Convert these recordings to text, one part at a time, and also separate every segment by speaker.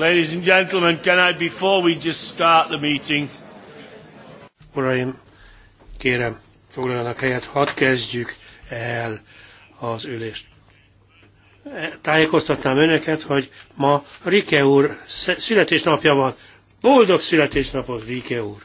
Speaker 1: Ladies and gentlemen, can I, before we just start the meeting... Uraim, kérem, foglaljanak helyet, hadd kezdjük el az ülést. E, tájékoztatnám önöket, hogy ma Rike úr születésnapja van. Boldog születésnapot, Rike úr!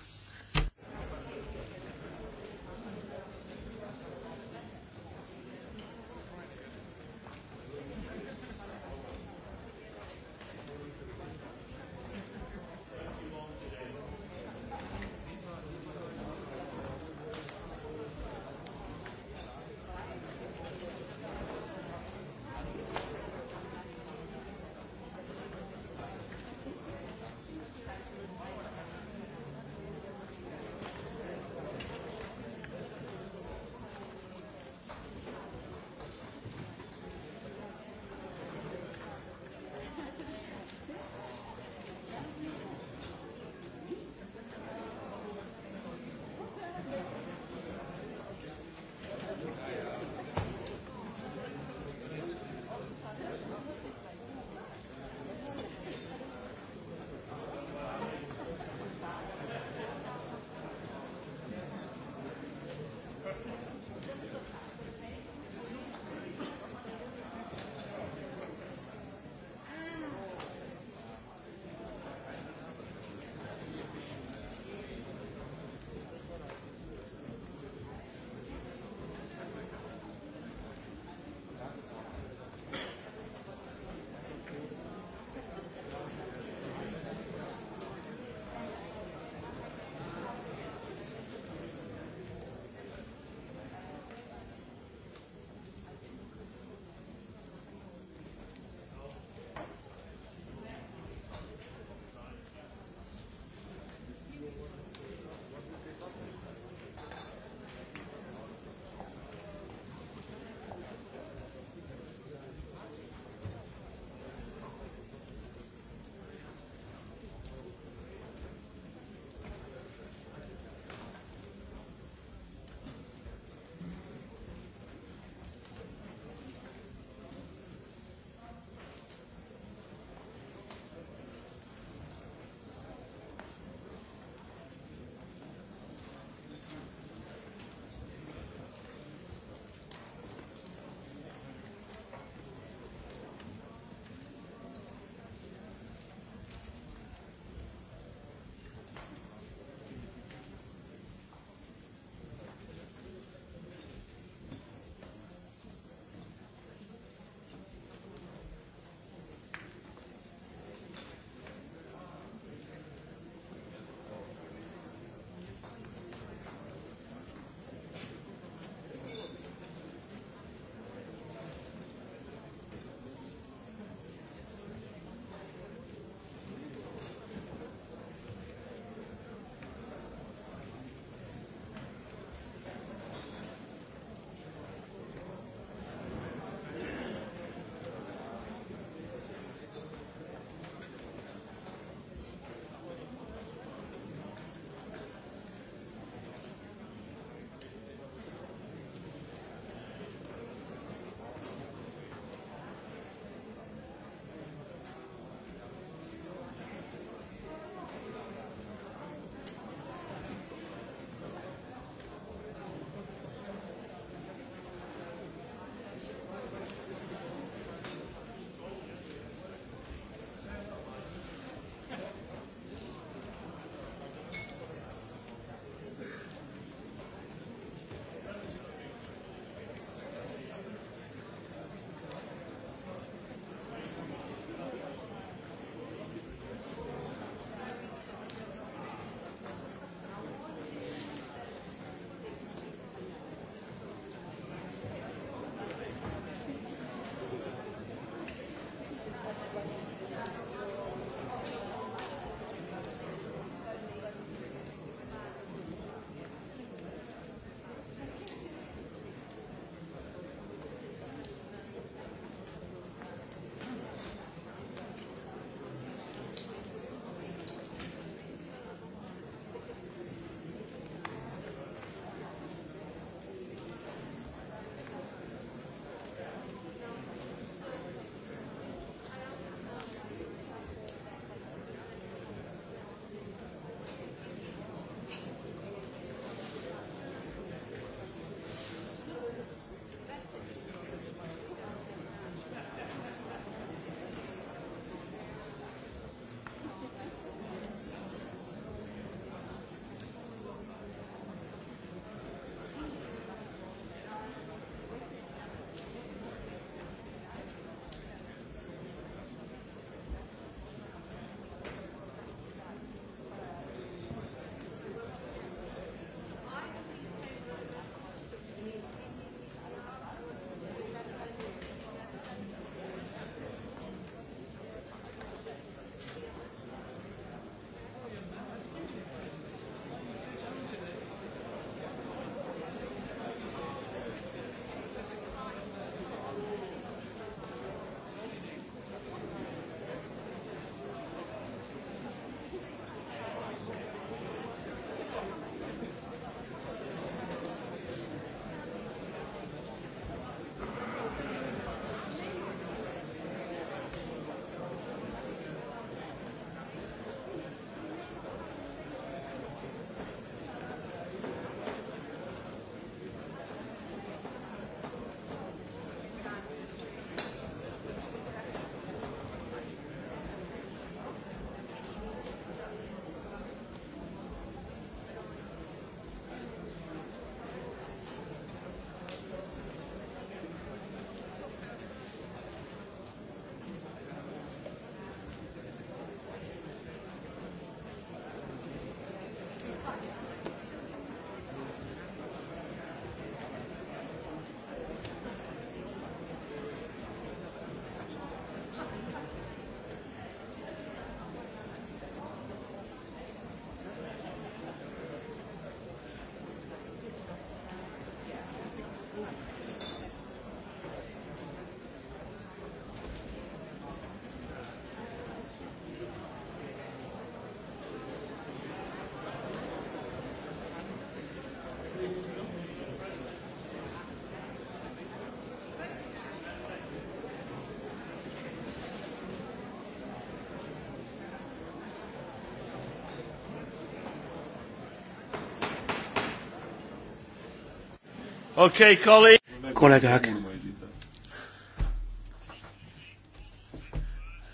Speaker 1: Okay, colleague. Kollégák!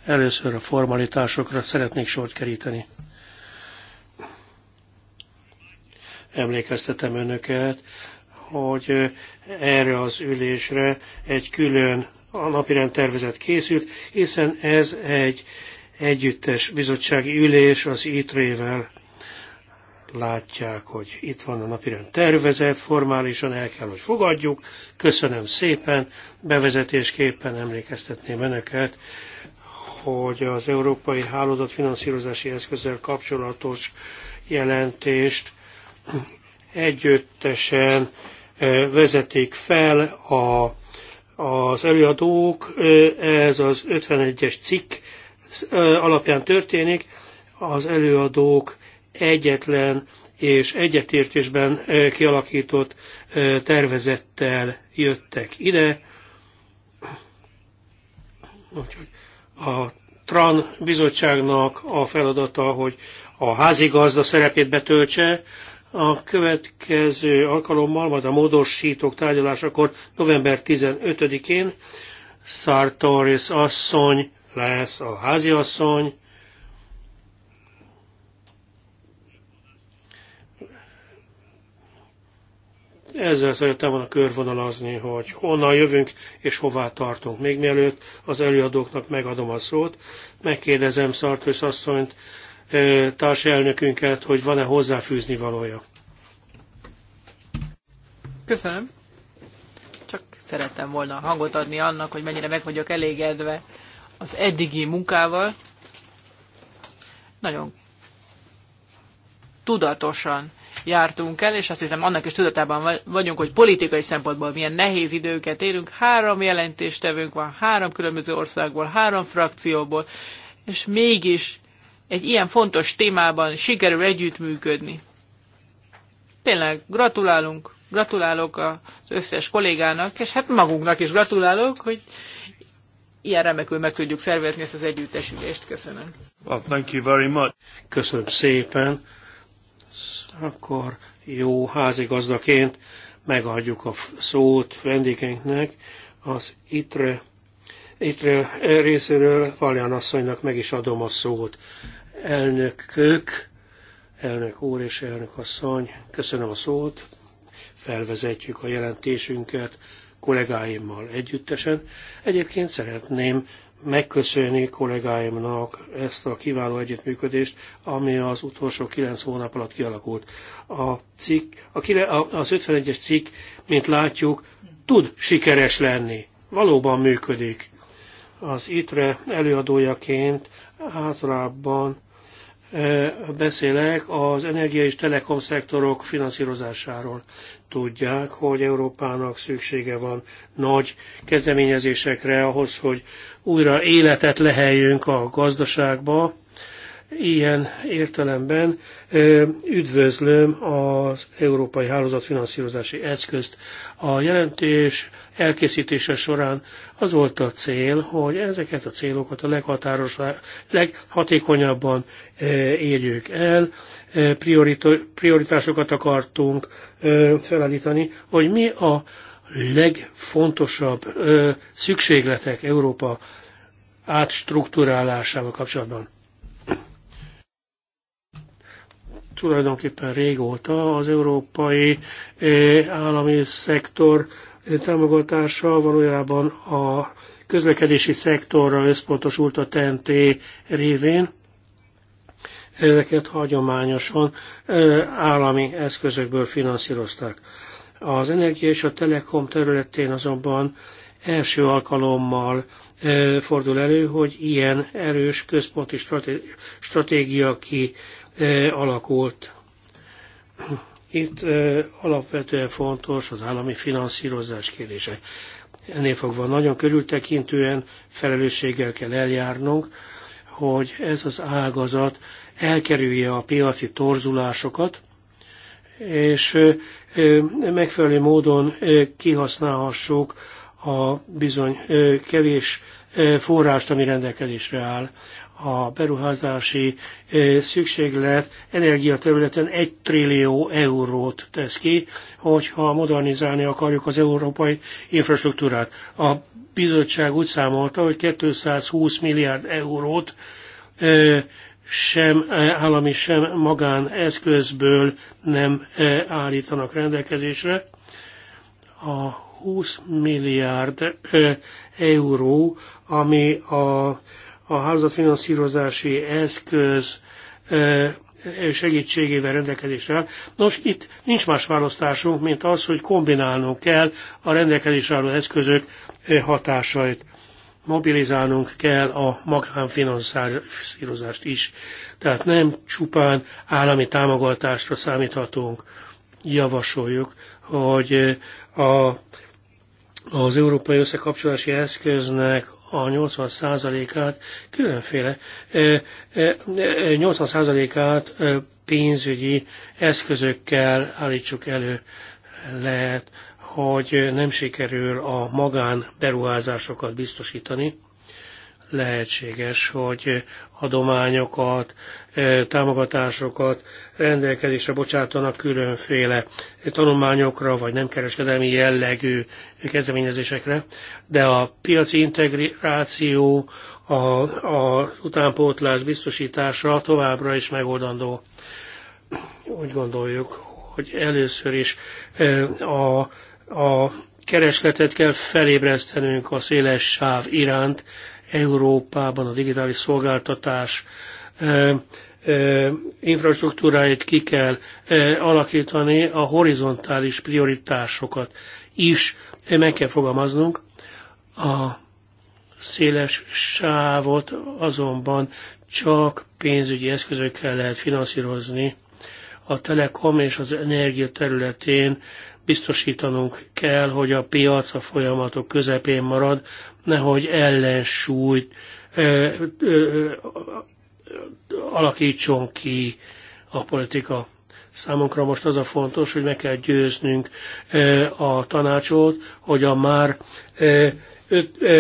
Speaker 1: Először a formalitásokra szeretnék sort keríteni. Emlékeztetem önöket, hogy erre az ülésre egy külön a napirend tervezet készült, hiszen ez egy együttes bizottsági ülés az ITRE-vel látják, hogy itt van a napirend tervezet, formálisan el kell, hogy fogadjuk. Köszönöm szépen, bevezetésképpen emlékeztetném Önöket, hogy az Európai Hálózat finanszírozási eszközzel kapcsolatos jelentést együttesen vezetik fel a, az előadók, ez az 51-es cikk alapján történik, az előadók egyetlen és egyetértésben kialakított tervezettel jöttek ide. a TRAN bizottságnak a feladata, hogy a házigazda szerepét betöltse, a következő alkalommal, majd a módosítók tárgyalásakor november 15-én Sartoris asszony lesz a háziasszony, ezzel van a körvonalazni, hogy honnan jövünk és hová tartunk. Még mielőtt az előadóknak megadom a szót, megkérdezem Szartős asszonyt, társelnökünket, hogy van-e hozzáfűzni valója.
Speaker 2: Köszönöm. Csak szerettem volna hangot adni annak, hogy mennyire meg vagyok elégedve az eddigi munkával. Nagyon tudatosan jártunk el, és azt hiszem annak is tudatában vagyunk, hogy politikai szempontból milyen nehéz időket élünk. Három jelentéstevőnk van, három különböző országból, három frakcióból, és mégis egy ilyen fontos témában sikerül együttműködni. Tényleg gratulálunk, gratulálok az összes kollégának, és hát magunknak is gratulálok, hogy ilyen remekül meg tudjuk szervezni ezt az együttesülést. Köszönöm.
Speaker 1: Well, thank you very much. Köszönöm szépen akkor jó házigazdaként megadjuk a szót vendégeinknek, az ITRE, ITRE részéről Valján asszonynak meg is adom a szót. Elnökök, elnök úr és elnök asszony, köszönöm a szót, felvezetjük a jelentésünket kollégáimmal együttesen. Egyébként szeretném megköszönni kollégáimnak ezt a kiváló együttműködést, ami az utolsó kilenc hónap alatt kialakult. A cikk, a, az 51-es cikk, mint látjuk, tud sikeres lenni. Valóban működik. Az ITRE előadójaként általában Eh, beszélek az energia és telekom szektorok finanszírozásáról. Tudják, hogy Európának szüksége van nagy kezdeményezésekre ahhoz, hogy újra életet leheljünk a gazdaságba, Ilyen értelemben üdvözlöm az Európai hálózat finanszírozási Eszközt. A jelentés elkészítése során az volt a cél, hogy ezeket a célokat a leghatékonyabban érjük el. Prioritásokat akartunk felállítani, hogy mi a legfontosabb szükségletek Európa átstruktúrálásával kapcsolatban. tulajdonképpen régóta az európai eh, állami szektor eh, támogatása valójában a közlekedési szektorra összpontosult a TNT révén. Ezeket hagyományosan eh, állami eszközökből finanszírozták. Az energia és a telekom területén azonban első alkalommal fordul elő, hogy ilyen erős központi stratégia ki E, alakult. Itt e, alapvetően fontos az állami finanszírozás kérdése. Ennél fogva nagyon körültekintően felelősséggel kell eljárnunk, hogy ez az ágazat elkerülje a piaci torzulásokat, és e, megfelelő módon kihasználhassuk a bizony kevés forrást, ami rendelkezésre áll a beruházási szükséglet energiaterületen 1 trillió eurót tesz ki, hogyha modernizálni akarjuk az európai infrastruktúrát. A bizottság úgy számolta, hogy 220 milliárd eurót sem állami, sem magán eszközből nem állítanak rendelkezésre. A 20 milliárd euró, ami a a házafinanszírozási eszköz segítségével rendelkezésre áll. Nos, itt nincs más választásunk, mint az, hogy kombinálnunk kell a rendelkezésre álló eszközök hatásait. Mobilizálnunk kell a magánfinanszírozást is. Tehát nem csupán állami támogatásra számíthatunk. Javasoljuk, hogy a, az európai összekapcsolási eszköznek a 80%-át különféle 80%-át pénzügyi eszközökkel állítsuk elő. Lehet, hogy nem sikerül a magán beruházásokat biztosítani, lehetséges, hogy adományokat, támogatásokat rendelkezésre bocsátanak különféle tanulmányokra, vagy nem kereskedelmi jellegű kezdeményezésekre, de a piaci integráció, a, a utánpótlás biztosítása továbbra is megoldandó. Úgy gondoljuk, hogy először is a, a keresletet kell felébresztenünk a széles sáv iránt, Európában a digitális szolgáltatás infrastruktúráit ki kell alakítani, a horizontális prioritásokat is meg kell fogalmaznunk. A széles sávot azonban csak pénzügyi eszközökkel lehet finanszírozni. A telekom és az energia területén biztosítanunk kell, hogy a piac a folyamatok közepén marad, nehogy ellensúlyt ö, ö, alakítson ki a politika. Számunkra most az a fontos, hogy meg kell győznünk a tanácsot, hogy a már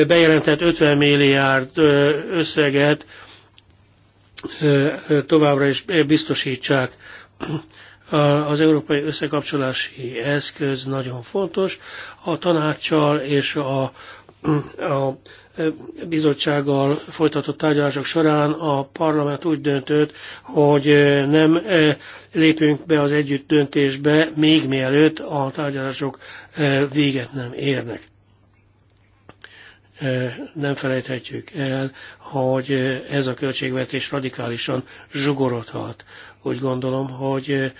Speaker 1: bejelentett 50 milliárd összeget továbbra is biztosítsák az európai összekapcsolási eszköz nagyon fontos. A tanácssal és a, a bizottsággal folytatott tárgyalások során a parlament úgy döntött, hogy nem e, lépünk be az együtt döntésbe, még mielőtt a tárgyalások e, véget nem érnek e, nem felejthetjük el, hogy ez a költségvetés radikálisan zsugorodhat úgy gondolom, hogy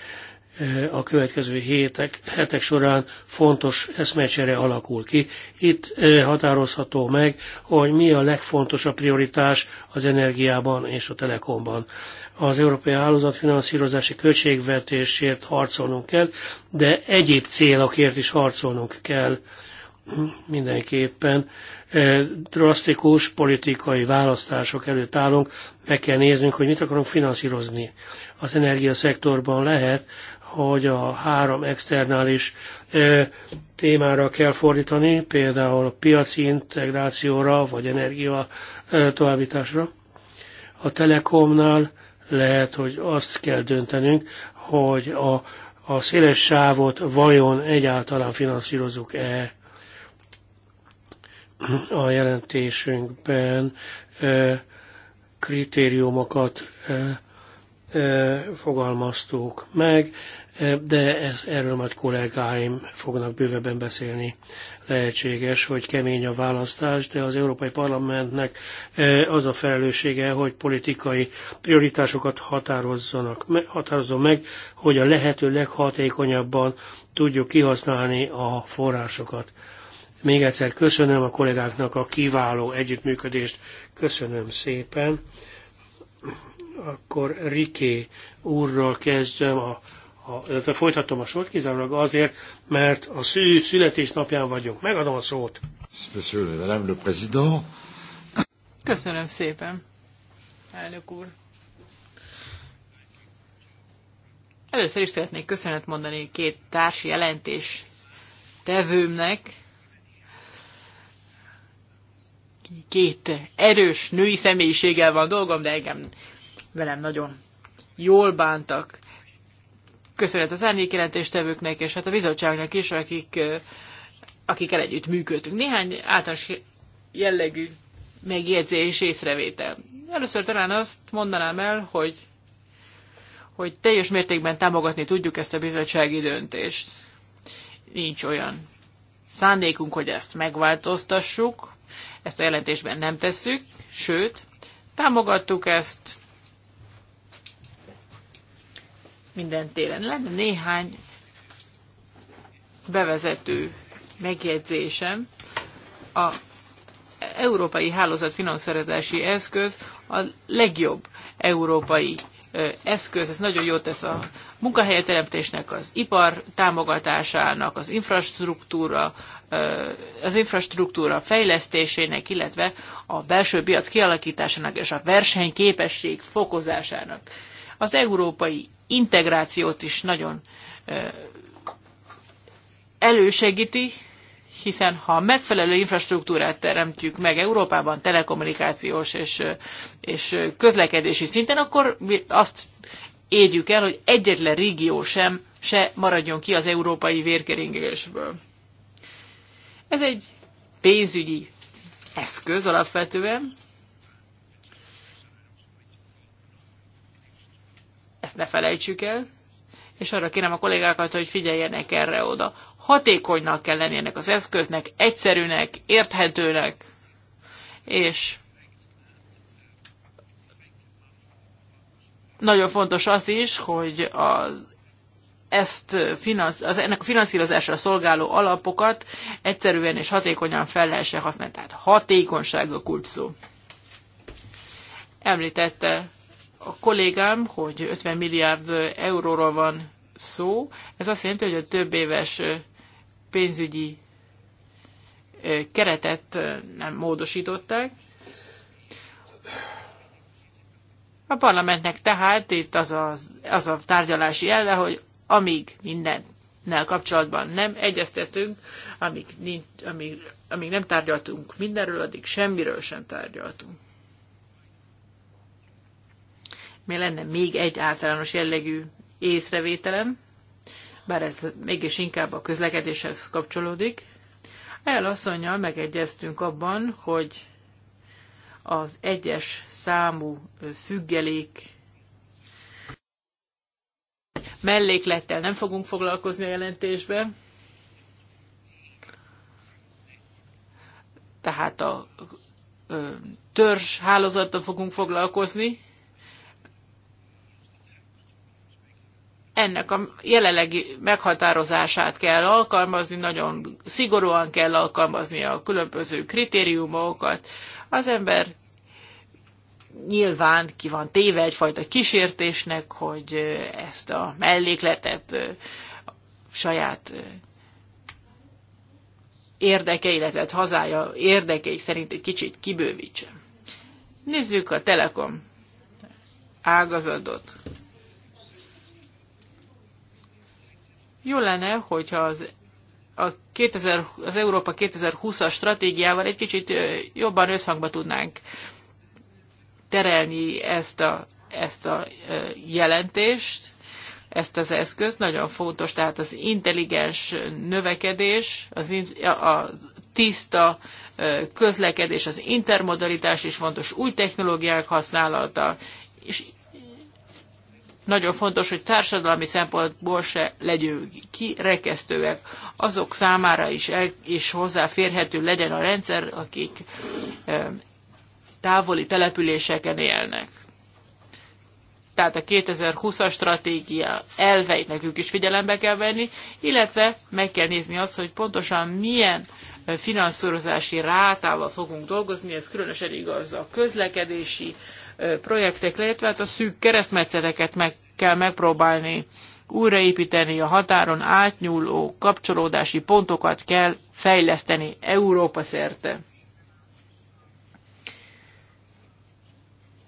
Speaker 1: a következő hétek, hetek során fontos eszmecsere alakul ki. Itt határozható meg, hogy mi a legfontosabb prioritás az energiában és a telekomban. Az Európai Hálózat finanszírozási költségvetésért harcolnunk kell, de egyéb célokért is harcolnunk kell mindenképpen drasztikus politikai választások előtt állunk, meg kell néznünk, hogy mit akarunk finanszírozni. Az energiaszektorban lehet, hogy a három externális témára kell fordítani, például a piaci integrációra, vagy energia továbbításra. A Telekomnál lehet, hogy azt kell döntenünk, hogy a, a széles sávot vajon egyáltalán finanszírozunk-e a jelentésünkben kritériumokat fogalmaztuk meg, de ez, erről majd kollégáim fognak bővebben beszélni. Lehetséges, hogy kemény a választás, de az Európai Parlamentnek az a felelőssége, hogy politikai prioritásokat határozzanak, határozzon meg, hogy a lehető leghatékonyabban tudjuk kihasználni a forrásokat. Még egyszer köszönöm a kollégáknak a kiváló együttműködést. Köszönöm szépen. Akkor Riké úrral kezdjem a a, illetve folytatom a sort kizárólag azért, mert a szű születésnapján vagyunk. Megadom a szót.
Speaker 2: Monsieur, Madame le Président. Köszönöm szépen, elnök úr. Először is szeretnék köszönet mondani két társi jelentés tevőmnek, két erős női személyiséggel van dolgom, de engem velem nagyon jól bántak. Köszönet az árnyékjelentéstevőknek, és hát a bizottságnak is, akik, akikkel együtt működtünk. Néhány általános jellegű megjegyzés, észrevétel. Először talán azt mondanám el, hogy, hogy teljes mértékben támogatni tudjuk ezt a bizottsági döntést. Nincs olyan szándékunk, hogy ezt megváltoztassuk. Ezt a jelentésben nem tesszük, sőt, támogattuk ezt minden télen. Lenne néhány bevezető megjegyzésem. A európai hálózat finanszírozási eszköz a legjobb európai eszköz, ez nagyon jót tesz a munkahelyteremtésnek, az ipar támogatásának, az infrastruktúra az infrastruktúra fejlesztésének, illetve a belső piac kialakításának és a versenyképesség fokozásának. Az európai integrációt is nagyon elősegíti, hiszen ha megfelelő infrastruktúrát teremtjük meg Európában telekommunikációs és, és közlekedési szinten, akkor mi azt érjük el, hogy egyetlen régió sem se maradjon ki az európai vérkeringésből. Ez egy pénzügyi eszköz alapvetően. Ezt ne felejtsük el. És arra kérem a kollégákat, hogy figyeljenek erre oda. Hatékonynak kell lenni ennek az eszköznek, egyszerűnek, érthetőnek, és nagyon fontos az is, hogy az ezt finansz, az, ennek a finanszírozásra szolgáló alapokat egyszerűen és hatékonyan fel lehessen használni. Tehát hatékonyság a kulcs szó. Említette a kollégám, hogy 50 milliárd euróról van szó. Ez azt jelenti, hogy a több éves pénzügyi keretet nem módosították. A parlamentnek tehát itt az a, az a tárgyalási elve, hogy amíg mindennel kapcsolatban nem egyeztetünk, amíg, nincs, amíg, amíg nem tárgyaltunk mindenről, addig semmiről sem tárgyaltunk. Mi lenne még egy általános jellegű észrevételem, bár ez mégis inkább a közlekedéshez kapcsolódik. Elasszonyjal megegyeztünk abban, hogy az egyes számú függelék melléklettel nem fogunk foglalkozni a jelentésben. Tehát a törzs hálózattal fogunk foglalkozni. Ennek a jelenlegi meghatározását kell alkalmazni, nagyon szigorúan kell alkalmazni a különböző kritériumokat. Az ember nyilván ki van téve egyfajta kísértésnek, hogy ezt a mellékletet a saját érdeke, illetve hazája érdekei szerint egy kicsit kibővítse. Nézzük a Telekom ágazatot. Jó lenne, hogyha az, a 2000, az Európa 2020-as stratégiával egy kicsit jobban összhangba tudnánk terelni ezt a, ezt a jelentést, ezt az eszközt. Nagyon fontos, tehát az intelligens növekedés, az, a tiszta közlekedés, az intermodalitás is fontos, új technológiák használata, és nagyon fontos, hogy társadalmi szempontból se legyünk kirekesztőek. Azok számára is, el, is hozzáférhető legyen a rendszer, akik távoli településeken élnek. Tehát a 2020-as stratégia elveit nekünk is figyelembe kell venni, illetve meg kell nézni azt, hogy pontosan milyen finanszírozási rátával fogunk dolgozni, ez különösen igaz a közlekedési projektekre, illetve hát a szűk keresztmetszeteket meg kell megpróbálni újraépíteni, a határon átnyúló kapcsolódási pontokat kell fejleszteni Európa szerte.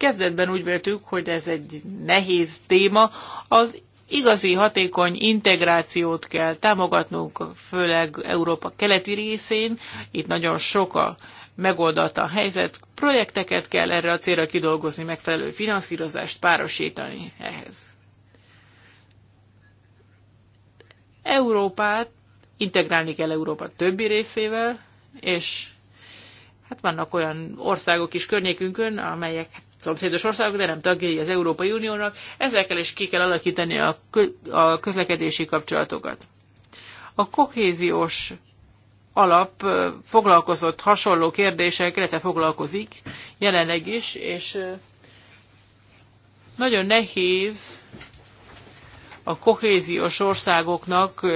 Speaker 2: Kezdetben úgy véltük, hogy ez egy nehéz téma, az igazi hatékony integrációt kell támogatnunk, főleg Európa keleti részén, itt nagyon sok a megoldata a helyzet, projekteket kell erre a célra kidolgozni, megfelelő finanszírozást párosítani ehhez. Európát integrálni kell Európa többi részével, és hát vannak olyan országok is környékünkön, amelyek szomszédos országok, de nem tagjai az Európai Uniónak, ezekkel is ki kell alakítani a, a közlekedési kapcsolatokat. A kohéziós alap foglalkozott hasonló kérdések, illetve foglalkozik jelenleg is, és nagyon nehéz a kohéziós országoknak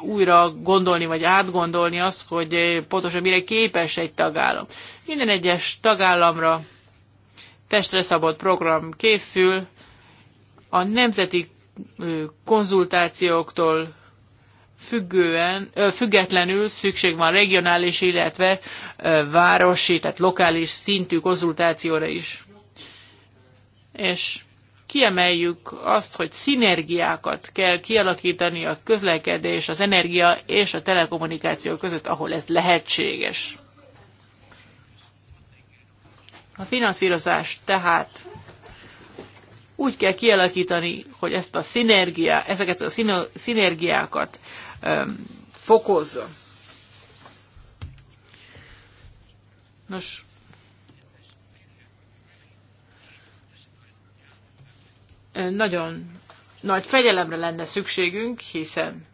Speaker 2: újra gondolni, vagy átgondolni azt, hogy pontosan mire képes egy tagállam. Minden egyes tagállamra testre szabott program készül, a nemzeti konzultációktól függően, függetlenül szükség van regionális, illetve városi, tehát lokális szintű konzultációra is. És kiemeljük azt, hogy szinergiákat kell kialakítani a közlekedés, az energia és a telekommunikáció között, ahol ez lehetséges. A finanszírozást tehát úgy kell kialakítani, hogy ezt a szinergia, ezeket a szinergiákat um, fokozza. Nos, nagyon nagy fegyelemre lenne szükségünk, hiszen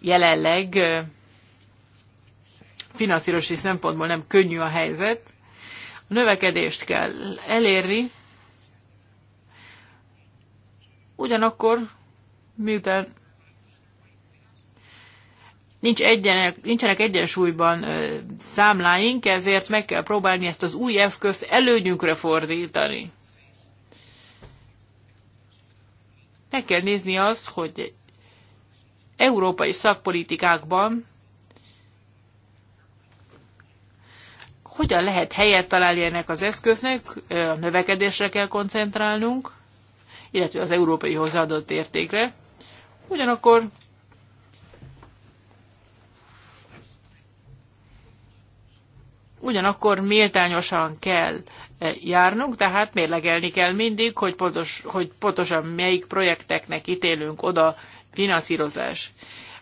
Speaker 2: jelenleg finanszírozási szempontból nem könnyű a helyzet. A növekedést kell elérni, ugyanakkor miután nincs egyenek, nincsenek egyensúlyban ö, számláink, ezért meg kell próbálni ezt az új eszközt előnyünkre fordítani. Meg kell nézni azt, hogy európai szakpolitikákban Hogyan lehet helyet találni ennek az eszköznek? A növekedésre kell koncentrálnunk, illetve az európai hozzáadott értékre. Ugyanakkor ugyanakkor méltányosan kell járnunk, tehát mérlegelni kell mindig, hogy, pontos, hogy pontosan melyik projekteknek ítélünk oda finanszírozás.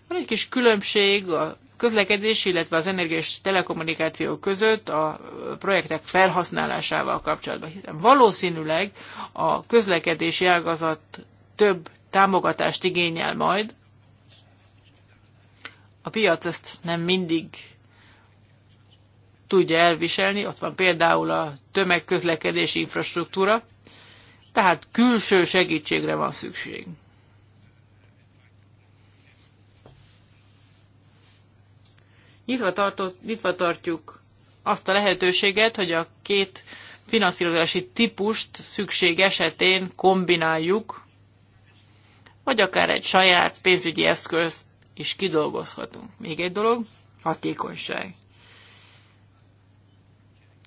Speaker 2: Van egy kis különbség a közlekedés, illetve az energia és telekommunikáció között a projektek felhasználásával kapcsolatban. Hiszen valószínűleg a közlekedési ágazat több támogatást igényel majd. A piac ezt nem mindig tudja elviselni, ott van például a tömegközlekedési infrastruktúra, tehát külső segítségre van szükség. Nyitva, tartott, nyitva tartjuk azt a lehetőséget, hogy a két finanszírozási típust szükség esetén kombináljuk, vagy akár egy saját pénzügyi eszközt is kidolgozhatunk. Még egy dolog, hatékonyság.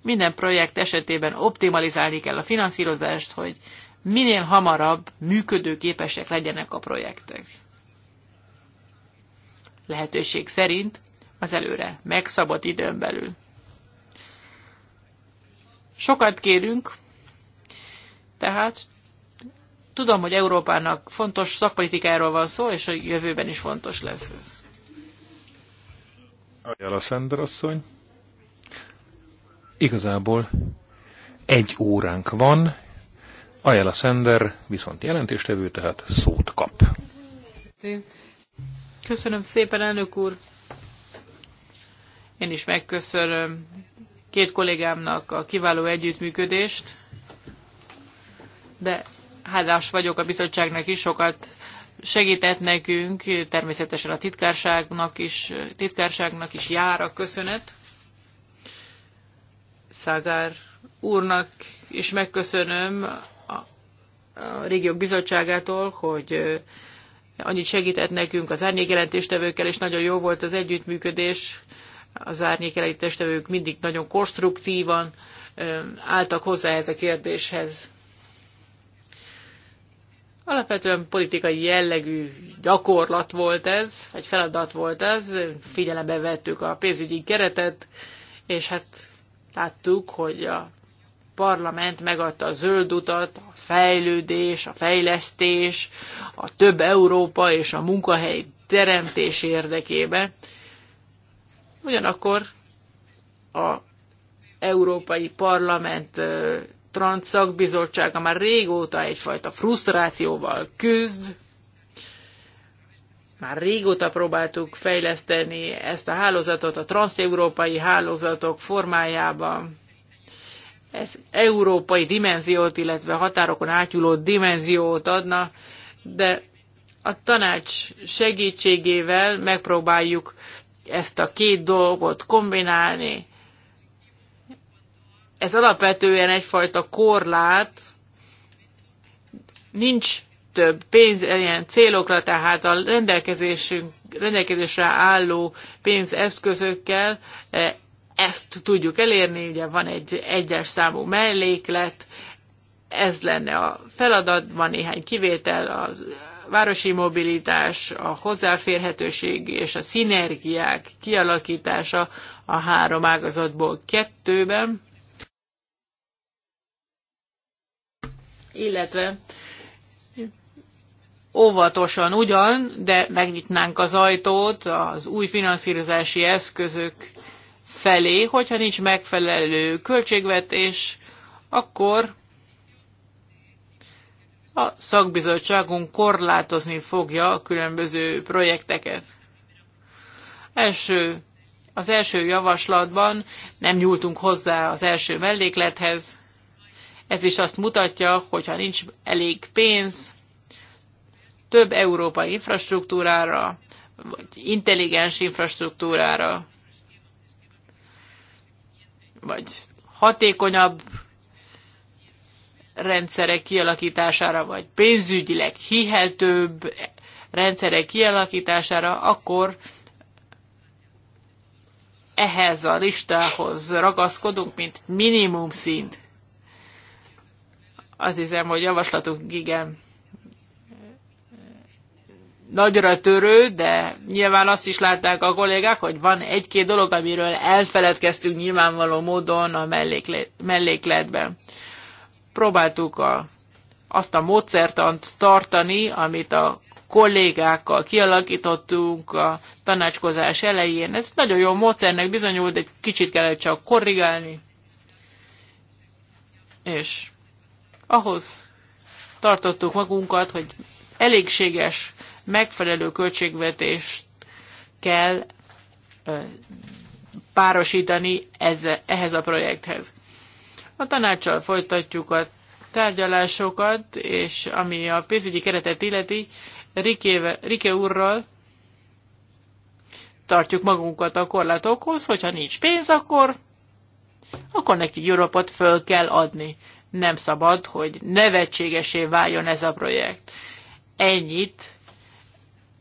Speaker 2: Minden projekt esetében optimalizálni kell a finanszírozást, hogy minél hamarabb működőképesek legyenek a projektek. Lehetőség szerint az előre, megszabott időn belül. Sokat kérünk, tehát tudom, hogy Európának fontos szakpolitikáról van szó, és a jövőben is fontos lesz ez.
Speaker 3: Ajala Asszony, Igazából egy óránk van, Ajala Szender viszont jelentéstevő, tehát szót kap.
Speaker 2: Köszönöm szépen, elnök úr! Én is megköszönöm két kollégámnak a kiváló együttműködést, de hálás vagyok a bizottságnak is, sokat segített nekünk, természetesen a titkárságnak is, titkárságnak is jár a köszönet. Szágár úrnak is megköszönöm a, a régiók bizottságától, hogy annyit segített nekünk az árnyékjelentéstevőkkel, és nagyon jó volt az együttműködés az árnyékelejtestevők mindig nagyon konstruktívan álltak hozzá ez a kérdéshez. Alapvetően politikai jellegű gyakorlat volt ez, vagy feladat volt ez, figyelembe vettük a pénzügyi keretet, és hát láttuk, hogy a parlament megadta a zöld utat, a fejlődés, a fejlesztés, a több Európa és a munkahely teremtés érdekében. Ugyanakkor a Európai Parlament transzakbizottsága már régóta egyfajta frusztrációval küzd, már régóta próbáltuk fejleszteni ezt a hálózatot a transeurópai hálózatok formájában. Ez európai dimenziót, illetve határokon átnyúló dimenziót adna, de a tanács segítségével megpróbáljuk ezt a két dolgot kombinálni. Ez alapvetően egyfajta korlát, nincs több pénz ilyen célokra, tehát a rendelkezésünk, rendelkezésre álló pénzeszközökkel eh, ezt tudjuk elérni, ugye van egy egyes számú melléklet, ez lenne a feladat, van néhány kivétel az városi mobilitás, a hozzáférhetőség és a szinergiák kialakítása a három ágazatból kettőben, illetve óvatosan ugyan, de megnyitnánk az ajtót az új finanszírozási eszközök felé, hogyha nincs megfelelő költségvetés, akkor a szakbizottságunk korlátozni fogja a különböző projekteket. Első, az első javaslatban nem nyúltunk hozzá az első melléklethez. Ez is azt mutatja, hogy ha nincs elég pénz több európai infrastruktúrára, vagy intelligens infrastruktúrára, vagy hatékonyabb rendszerek kialakítására, vagy pénzügyileg hihetőbb rendszerek kialakítására, akkor ehhez a listához ragaszkodunk, mint minimum szint. Az hiszem, hogy javaslatunk igen nagyra törő, de nyilván azt is látták a kollégák, hogy van egy-két dolog, amiről elfeledkeztünk nyilvánvaló módon a mellékletben próbáltuk a, azt a módszertant tartani, amit a kollégákkal kialakítottunk a tanácskozás elején. Ez nagyon jó módszernek bizonyult, egy kicsit kellett csak korrigálni. És ahhoz tartottuk magunkat, hogy elégséges, megfelelő költségvetést kell párosítani ezzel, ehhez a projekthez. A tanácssal folytatjuk a tárgyalásokat, és ami a pénzügyi keretet illeti, Rikéve, Rike úrral tartjuk magunkat a korlátokhoz, hogyha nincs pénz, akkor akkor neki Európát föl kell adni. Nem szabad, hogy nevetségesé váljon ez a projekt. Ennyit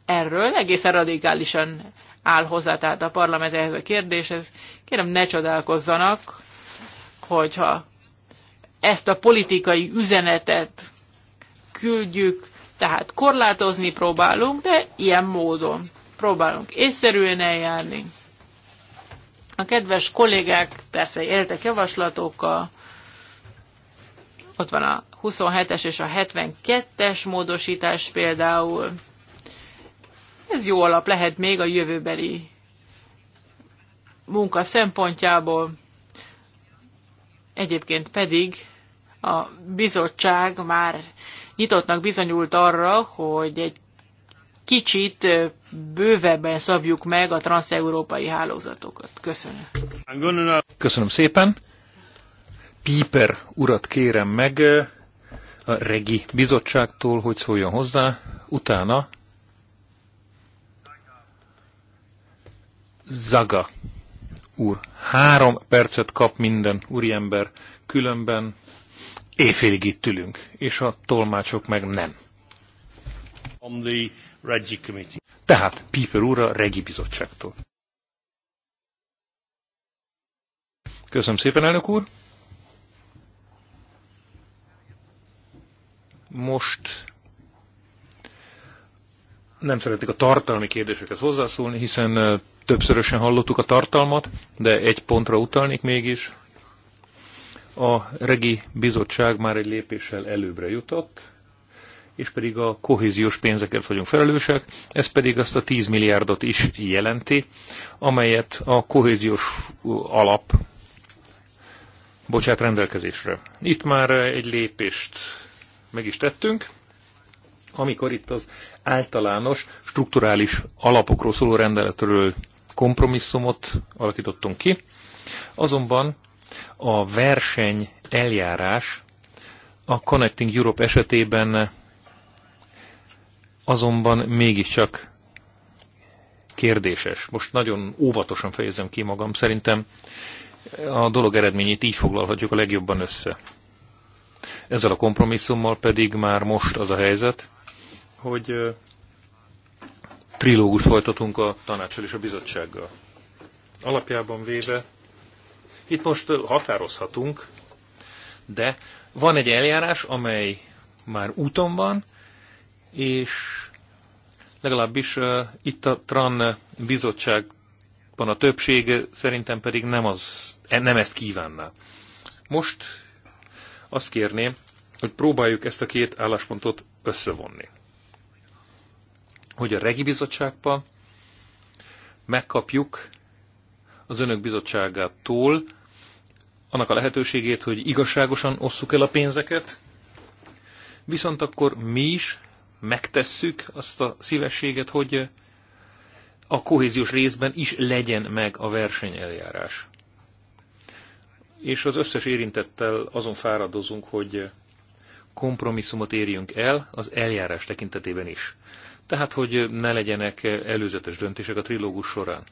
Speaker 2: erről egészen radikálisan áll hozzá, tehát a parlament ehhez a kérdéshez. Kérem, ne csodálkozzanak, hogyha ezt a politikai üzenetet küldjük, tehát korlátozni próbálunk, de ilyen módon próbálunk észszerűen eljárni. A kedves kollégák persze éltek javaslatokkal, ott van a 27-es és a 72-es módosítás például. Ez jó alap lehet még a jövőbeli munka szempontjából. Egyébként pedig a bizottság már nyitottnak bizonyult arra, hogy egy kicsit bővebben szabjuk meg a transeurópai hálózatokat. Köszönöm.
Speaker 3: Köszönöm szépen. Piper urat kérem meg a Regi bizottságtól, hogy szóljon hozzá. Utána Zaga úr. Három percet kap minden úriember, különben éjfélig itt ülünk, és a tolmácsok meg nem.
Speaker 1: On the Regi Committee.
Speaker 3: Tehát Piper úr a Regi Bizottságtól. Köszönöm szépen, elnök úr! Most nem szeretnék a tartalmi kérdésekhez hozzászólni, hiszen többszörösen hallottuk a tartalmat, de egy pontra utalnék mégis. A Regi Bizottság már egy lépéssel előbbre jutott, és pedig a kohéziós pénzekért vagyunk felelősek, ez pedig azt a 10 milliárdot is jelenti, amelyet a kohéziós alap bocsát rendelkezésre. Itt már egy lépést meg is tettünk, amikor itt az általános strukturális alapokról szóló rendeletről kompromisszumot alakítottunk ki, azonban a verseny eljárás a Connecting Europe esetében azonban mégiscsak kérdéses. Most nagyon óvatosan fejezem ki magam, szerintem a dolog eredményét így foglalhatjuk a legjobban össze. Ezzel a kompromisszummal pedig már most az a helyzet, hogy trilógus folytatunk a tanácsal és a bizottsággal. Alapjában véve itt most határozhatunk, de van egy eljárás, amely már úton van, és legalábbis uh, itt a TRAN bizottságban a többség szerintem pedig nem, az, e, nem ezt kívánná. Most azt kérném, hogy próbáljuk ezt a két álláspontot összevonni hogy a regi bizottságban megkapjuk az önök bizottságától annak a lehetőségét, hogy igazságosan osszuk el a pénzeket, viszont akkor mi is megtesszük azt a szívességet, hogy a kohéziós részben is legyen meg a versenyeljárás. És az összes érintettel azon fáradozunk, hogy kompromisszumot érjünk el az eljárás tekintetében is tehát hogy ne legyenek előzetes döntések a trilógus során.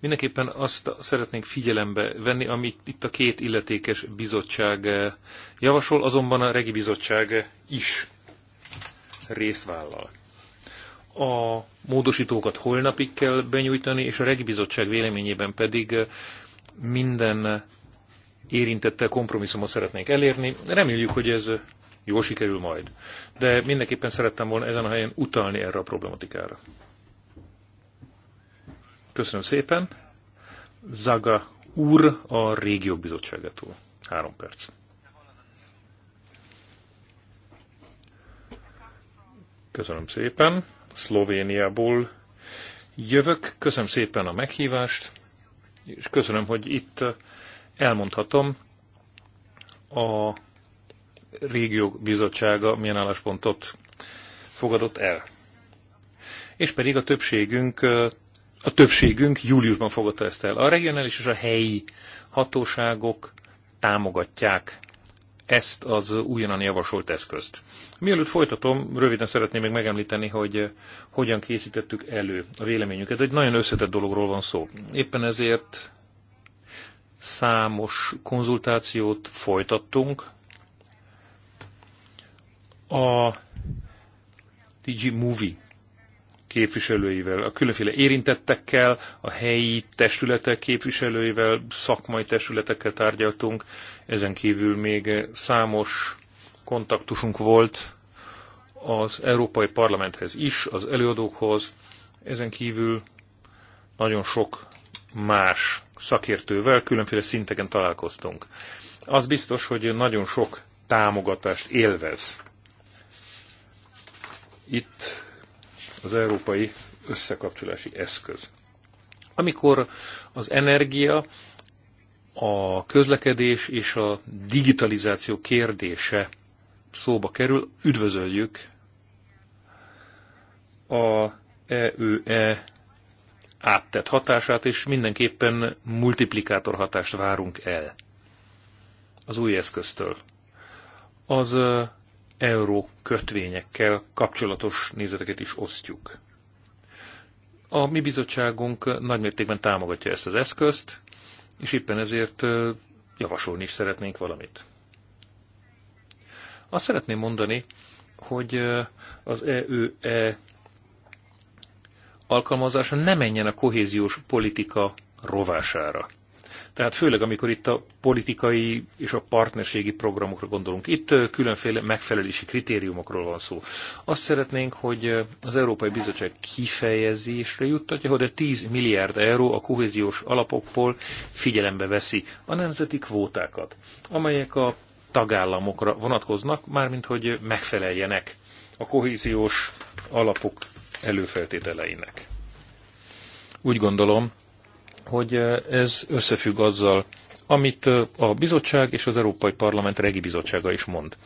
Speaker 3: Mindenképpen azt szeretnénk figyelembe venni, amit itt a két illetékes bizottság javasol, azonban a regi bizottság is részt vállal. A módosítókat holnapig kell benyújtani, és a regi bizottság véleményében pedig minden érintette kompromisszumot szeretnénk elérni. Reméljük, hogy ez jól sikerül majd. De mindenképpen szerettem volna ezen a helyen utalni erre a problematikára. Köszönöm szépen. Zaga úr a régió bizottságától. Három perc. Köszönöm szépen. Szlovéniából jövök. Köszönöm szépen a meghívást, és köszönöm, hogy itt elmondhatom a régiók bizottsága milyen álláspontot fogadott el. És pedig a többségünk, a többségünk júliusban fogadta ezt el. A regionális és a helyi hatóságok támogatják ezt az újonnan javasolt eszközt. Mielőtt folytatom, röviden szeretném még megemlíteni, hogy hogyan készítettük elő a véleményüket. Egy nagyon összetett dologról van szó. Éppen ezért számos konzultációt folytattunk a DG Movie képviselőivel, a különféle érintettekkel, a helyi testületek képviselőivel, szakmai testületekkel tárgyaltunk, ezen kívül még számos kontaktusunk volt az Európai Parlamenthez is, az előadókhoz, ezen kívül nagyon sok más szakértővel különféle szinteken találkoztunk. Az biztos, hogy nagyon sok támogatást élvez itt az európai összekapcsolási eszköz. Amikor az energia, a közlekedés és a digitalizáció kérdése szóba kerül, üdvözöljük a EUE e áttett hatását, és mindenképpen multiplikátor hatást várunk el az új eszköztől. Az euró kötvényekkel kapcsolatos nézeteket is osztjuk. A mi bizottságunk nagymértékben támogatja ezt az eszközt, és éppen ezért javasolni is szeretnénk valamit. Azt szeretném mondani, hogy az EÖE e alkalmazása ne menjen a kohéziós politika rovására. Tehát főleg, amikor itt a politikai és a partnerségi programokra gondolunk, itt különféle megfelelési kritériumokról van szó. Azt szeretnénk, hogy az Európai Bizottság kifejezésre juttatja, hogy a 10 milliárd euró a kohéziós alapokból figyelembe veszi a nemzeti kvótákat, amelyek a tagállamokra vonatkoznak, mármint hogy megfeleljenek a kohéziós alapok előfeltételeinek. Úgy gondolom, hogy ez összefügg azzal, amit a bizottság és az Európai Parlament regi bizottsága is mond.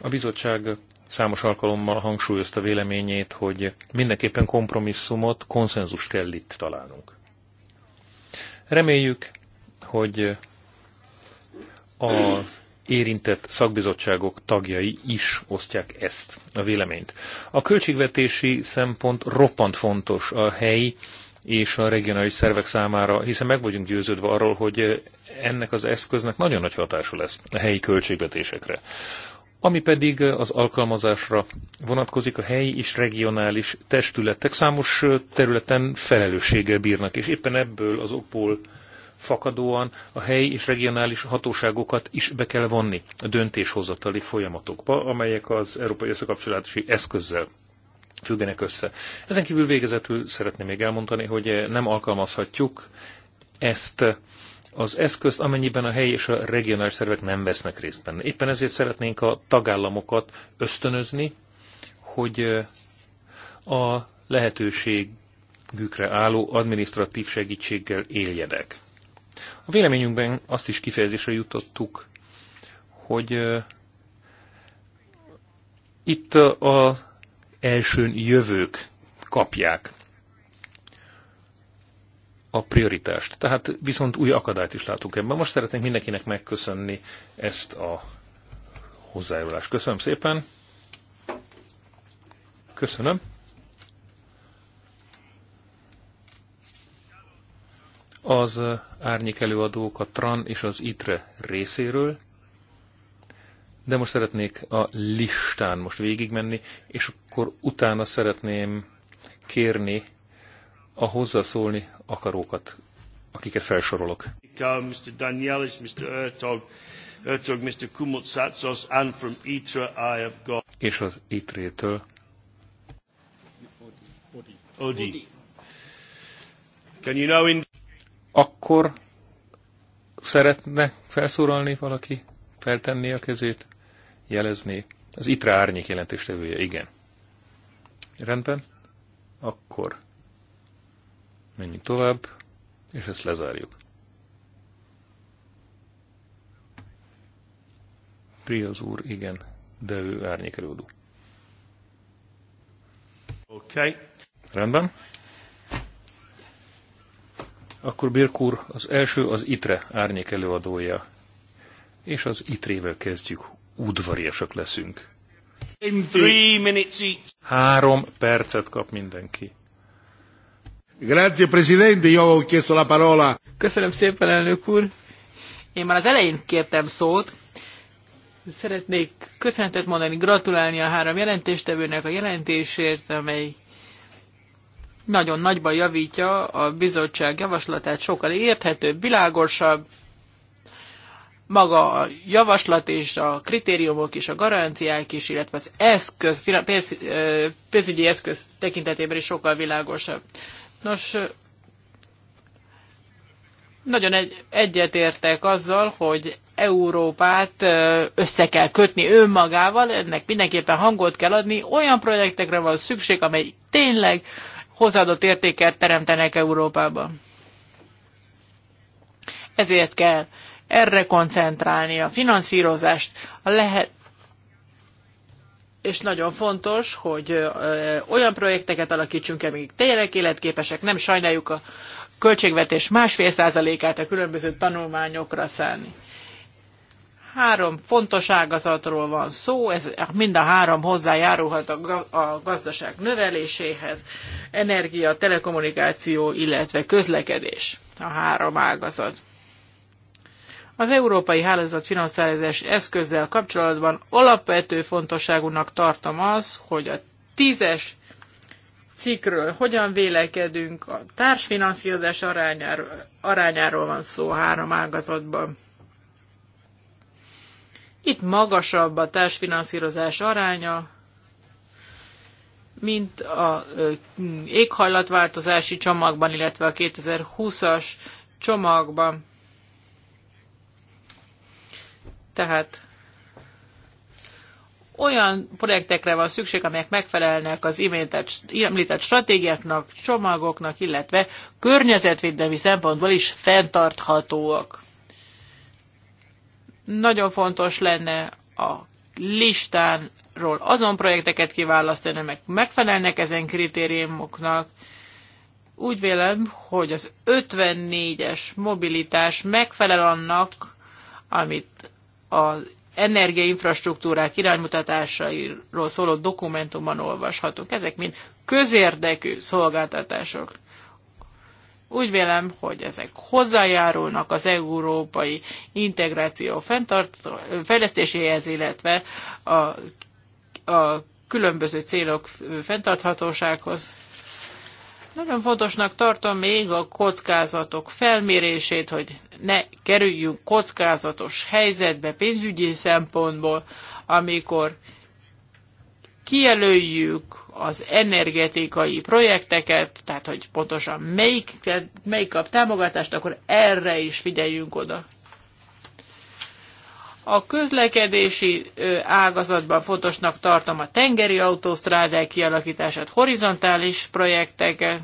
Speaker 3: A bizottság számos alkalommal hangsúlyozta véleményét, hogy mindenképpen kompromisszumot, konszenzust kell itt találnunk. Reméljük, hogy az érintett szakbizottságok tagjai is osztják ezt a véleményt. A költségvetési szempont roppant fontos a helyi és a regionális szervek számára, hiszen meg vagyunk győződve arról, hogy ennek az eszköznek nagyon nagy hatása lesz a helyi költségvetésekre. Ami pedig az alkalmazásra vonatkozik, a helyi és regionális testületek számos területen felelősséggel bírnak, és éppen ebből az okból fakadóan a helyi és regionális hatóságokat is be kell vonni a döntéshozatali folyamatokba, amelyek az európai összekapcsolási eszközzel függenek össze. Ezen kívül végezetül szeretném még elmondani, hogy nem alkalmazhatjuk ezt az eszközt, amennyiben a helyi és a regionális szervek nem vesznek részt benne. Éppen ezért szeretnénk a tagállamokat ösztönözni, hogy a lehetőségükre álló administratív segítséggel éljenek. A véleményünkben azt is kifejezésre jutottuk, hogy eh, itt a elsőn jövők kapják a prioritást. Tehát viszont új akadályt is látunk ebben. Most szeretnénk mindenkinek megköszönni ezt a hozzájárulást. Köszönöm szépen. Köszönöm. Az árnyék előadók a TRAN és az ITRE részéről de most szeretnék a listán most végigmenni, és akkor utána szeretném kérni a hozzászólni akarókat, akiket felsorolok.
Speaker 1: Mr. Danielis, Mr. Ertog, Ertog, Mr. Kumutsatsos, and from ITRA I have
Speaker 3: got... És az ITRE-től. Odi. Can you know in... Akkor szeretne felszólalni valaki, feltenni a kezét? jelezni. Az ITRA árnyék jelentéstevője, igen. Rendben. Akkor menjünk tovább, és ezt lezárjuk. Pri az úr, igen, de ő árnyék előadó. Oké. Okay. Rendben. Akkor Birkur, az első az ITRE árnyék előadója, és az ITRE-vel kezdjük udvariasak leszünk. Három percet kap mindenki.
Speaker 2: Grazie, Presidente, io ho chiesto la parola. Köszönöm szépen, elnök úr. Én már az elején kértem szót. Szeretnék köszönetet mondani, gratulálni a három jelentéstevőnek a jelentésért, amely nagyon nagyban javítja a bizottság javaslatát, sokkal érthetőbb, világosabb, maga a javaslat és a kritériumok és a garanciák is, illetve az eszköz, pénz, pénzügyi eszköz tekintetében is sokkal világosabb. Nos, nagyon egy, egyetértek azzal, hogy Európát össze kell kötni önmagával, ennek mindenképpen hangot kell adni, olyan projektekre van szükség, amely tényleg hozzáadott értéket teremtenek Európában. Ezért kell erre koncentrálni, a finanszírozást, a lehet, és nagyon fontos, hogy olyan projekteket alakítsunk, amik tényleg életképesek, nem sajnáljuk a költségvetés másfél százalékát a különböző tanulmányokra szállni. Három fontos ágazatról van szó, ez mind a három hozzájárulhat a gazdaság növeléséhez, energia, telekommunikáció, illetve közlekedés a három ágazat. Az Európai Hálózat finanszírozás eszközzel kapcsolatban alapvető fontosságúnak tartom az, hogy a tízes cikkről hogyan vélekedünk, a társfinanszírozás arányáról, arányáról van szó három ágazatban. Itt magasabb a társfinanszírozás aránya, mint a éghajlatváltozási csomagban, illetve a 2020-as csomagban. Tehát olyan projektekre van szükség, amelyek megfelelnek az említett stratégiáknak, csomagoknak, illetve környezetvédelmi szempontból is fenntarthatóak. Nagyon fontos lenne a listánról azon projekteket kiválasztani, amelyek megfelelnek ezen kritériumoknak. Úgy vélem, hogy az 54-es mobilitás megfelel annak, amit az energiainfrastruktúrák iránymutatásairól szóló dokumentumban olvashatunk. Ezek mind közérdekű szolgáltatások. Úgy vélem, hogy ezek hozzájárulnak az európai integráció fejlesztéséhez, illetve a, a különböző célok fenntarthatósághoz. Nagyon fontosnak tartom még a kockázatok felmérését, hogy ne kerüljünk kockázatos helyzetbe pénzügyi szempontból, amikor kijelöljük az energetikai projekteket, tehát hogy pontosan melyik, melyik kap támogatást, akkor erre is figyeljünk oda. A közlekedési ágazatban fontosnak tartom a tengeri autósztrádák kialakítását, horizontális projekteket.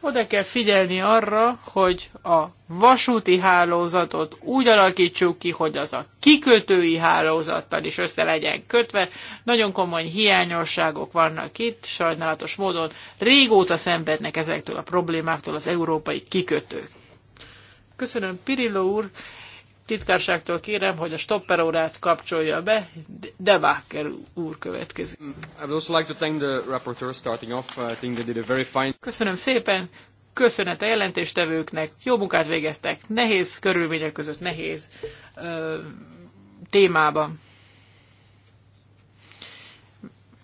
Speaker 2: Oda kell figyelni arra, hogy a vasúti hálózatot úgy alakítsuk ki, hogy az a kikötői hálózattal is össze legyen kötve. Nagyon komoly hiányosságok vannak itt, sajnálatos módon régóta szenvednek ezektől a problémáktól az európai kikötők. Köszönöm, Pirilló úr titkárságtól kérem, hogy a stopper órát kapcsolja be. de Debaker úr következik. I would also like to thank the rapporteur starting off. I think they did a very fine... Köszönöm szépen. Köszönet a jelentéstevőknek. Jó munkát végeztek. Nehéz körülmények között, nehéz ö, témában.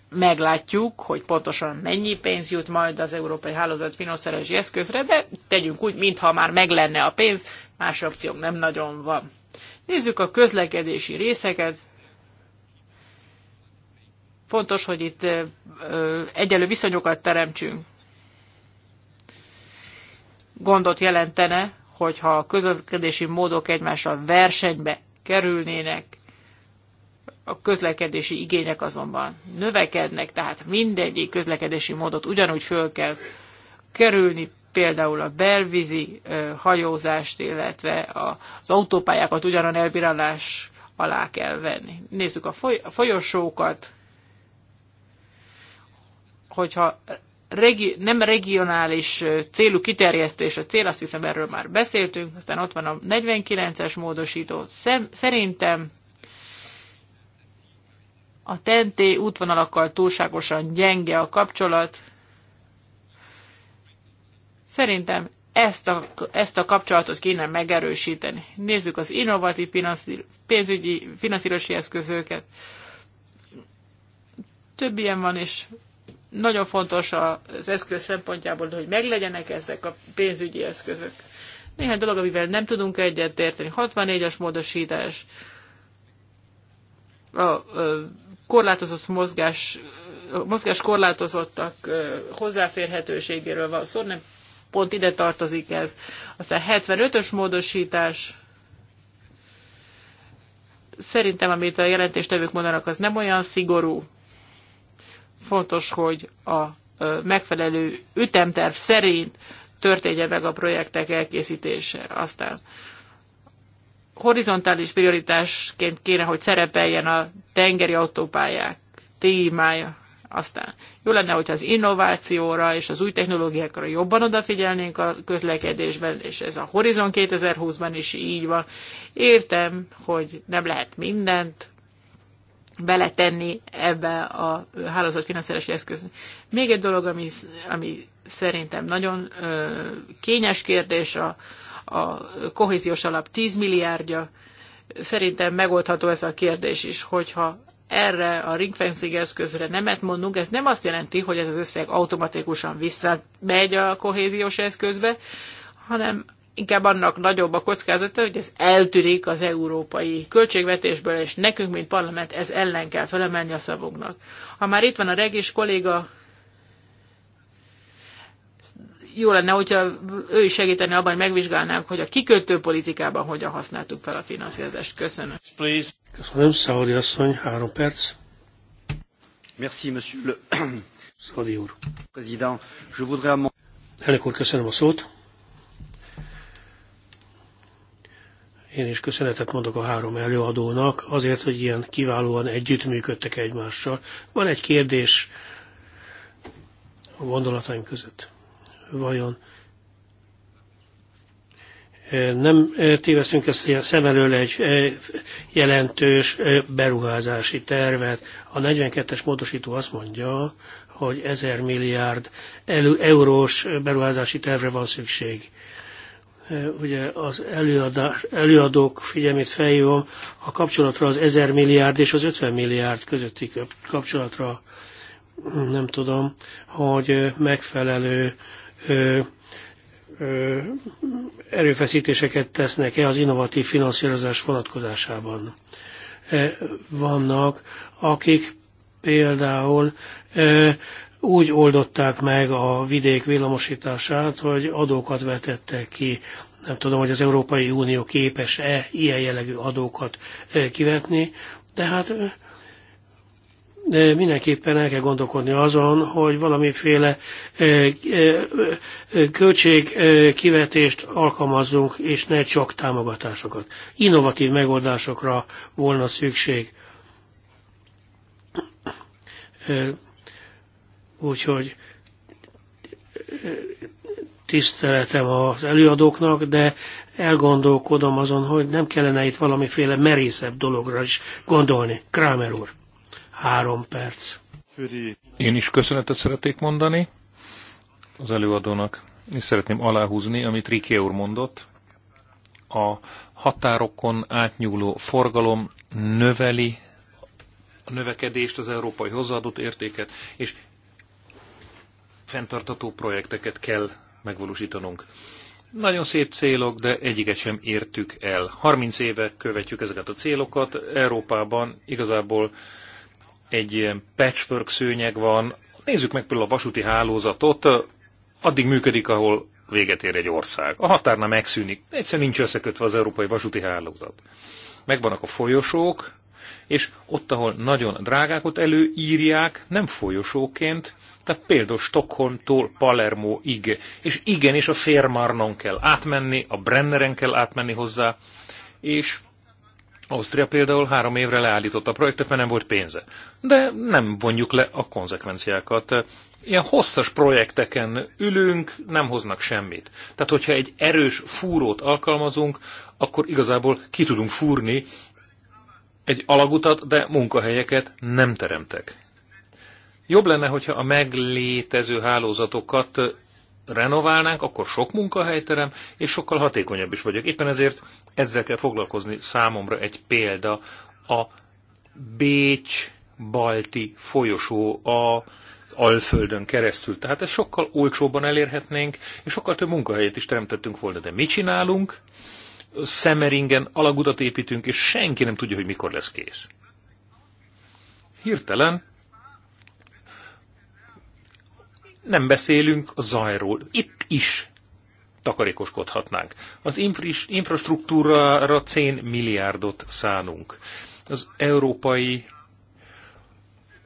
Speaker 2: Meglátjuk, hogy pontosan mennyi pénz jut majd az Európai Hálózat finanszírozási eszközre, de tegyünk úgy, mintha már meg lenne a pénz, más opciónk nem nagyon van. Nézzük a közlekedési részeket. Fontos, hogy itt egyelő viszonyokat teremtsünk. Gondot jelentene, hogyha a közlekedési módok egymással versenybe kerülnének, a közlekedési igények azonban növekednek, tehát mindegyik közlekedési módot ugyanúgy föl kell kerülni, például a belvízi hajózást, illetve az autópályákat ugyanan elbírálás alá kell venni. Nézzük a, folyosókat, hogyha regi- nem regionális célú kiterjesztés a cél, azt hiszem erről már beszéltünk, aztán ott van a 49-es módosító. Szerintem a TNT útvonalakkal túlságosan gyenge a kapcsolat, Szerintem ezt a, ezt a kapcsolatot kéne megerősíteni. Nézzük az innovatív finanszír, pénzügyi finanszírozási eszközöket. Több ilyen van, és nagyon fontos az eszköz szempontjából, hogy meglegyenek ezek a pénzügyi eszközök. Néhány dolog, amivel nem tudunk egyet érteni. 64-es módosítás, a, a korlátozott mozgás, a mozgás korlátozottak hozzáférhetőségéről van szó, nem pont ide tartozik ez. Aztán 75-ös módosítás, szerintem, amit a jelentéstevők mondanak, az nem olyan szigorú. Fontos, hogy a megfelelő ütemterv szerint történjen meg a projektek elkészítése. Aztán horizontális prioritásként kéne, hogy szerepeljen a tengeri autópályák témája. Aztán jó lenne, hogyha az innovációra és az új technológiákra jobban odafigyelnénk a közlekedésben, és ez a Horizon 2020-ban is így van. Értem, hogy nem lehet mindent beletenni ebbe a hálózatfinanszírozási eszköz. Még egy dolog, ami, ami szerintem nagyon ö, kényes kérdés, a, a kohéziós alap 10 milliárdja, szerintem megoldható ez a kérdés is, hogyha erre a ringfencing eszközre nemet mondunk, ez nem azt jelenti, hogy ez az összeg automatikusan visszamegy a kohéziós eszközbe, hanem inkább annak nagyobb a kockázata, hogy ez eltűnik az európai költségvetésből, és nekünk, mint parlament, ez ellen kell felemelni a szavunknak. Ha már itt van a regis kolléga, jó lenne, hogyha ő is segíteni abban, hogy megvizsgálnánk, hogy a kikötő politikában hogyan használtuk fel a finanszírozást. Köszönöm.
Speaker 1: Köszönöm, Szaori asszony, három perc. Merci, monsieur le... Szaori úr. Président, je voudrais... Elnök úr, köszönöm a szót. Én is köszönetet mondok a három előadónak azért, hogy ilyen kiválóan együttműködtek egymással. Van egy kérdés a gondolataim között vajon nem tévesztünk ezt szem elől egy jelentős beruházási tervet. A 42-es módosító azt mondja, hogy 1000 milliárd eurós beruházási tervre van szükség. Ugye az előadás, előadók figyelmét feljövöm a kapcsolatra az 1000 milliárd és az 50 milliárd közötti kapcsolatra. Nem tudom, hogy megfelelő erőfeszítéseket tesznek-e az innovatív finanszírozás vonatkozásában. Vannak, akik például úgy oldották meg a vidék villamosítását, hogy adókat vetettek ki. Nem tudom, hogy az Európai Unió képes-e ilyen jellegű adókat kivetni, de hát de mindenképpen el kell gondolkodni azon, hogy valamiféle költségkivetést alkalmazzunk, és ne csak támogatásokat. Innovatív megoldásokra volna szükség. Úgyhogy tiszteletem az előadóknak, de elgondolkodom azon, hogy nem kellene itt valamiféle merészebb dologra is gondolni. Kramer úr három perc.
Speaker 3: Én is köszönetet szeretnék mondani az előadónak, és szeretném aláhúzni, amit Riké úr mondott. A határokon átnyúló forgalom növeli a növekedést, az európai hozzáadott értéket, és fenntartató projekteket kell megvalósítanunk. Nagyon szép célok, de egyiket sem értük el. 30 éve követjük ezeket a célokat, Európában igazából egy ilyen patchwork szőnyeg van. Nézzük meg például a vasúti hálózatot, addig működik, ahol véget ér egy ország. A határna megszűnik, egyszerűen nincs összekötve az európai vasúti hálózat. Megvannak a folyosók, és ott, ahol nagyon drágák, ott előírják, nem folyosóként, tehát például Stockholmtól Palermoig, és igenis a Férmarnon kell átmenni, a Brenneren kell átmenni hozzá, és Ausztria például három évre leállította a projektet, mert nem volt pénze. De nem vonjuk le a konzekvenciákat. Ilyen hosszas projekteken ülünk, nem hoznak semmit. Tehát, hogyha egy erős fúrót alkalmazunk, akkor igazából ki tudunk fúrni egy alagutat, de munkahelyeket nem teremtek. Jobb lenne, hogyha a meglétező hálózatokat renoválnánk, akkor sok munkahelyterem, és sokkal hatékonyabb is vagyok. Éppen ezért ezzel kell foglalkozni számomra egy példa, a Bécs-Balti folyosó a Alföldön keresztül. Tehát ezt sokkal olcsóbban elérhetnénk, és sokkal több munkahelyet is teremtettünk volna. De mit csinálunk? Szemeringen alagutat építünk, és senki nem tudja, hogy mikor lesz kész. Hirtelen nem beszélünk a zajról. Itt is takarékoskodhatnánk. Az infrastruktúrára 10 milliárdot szánunk. Az európai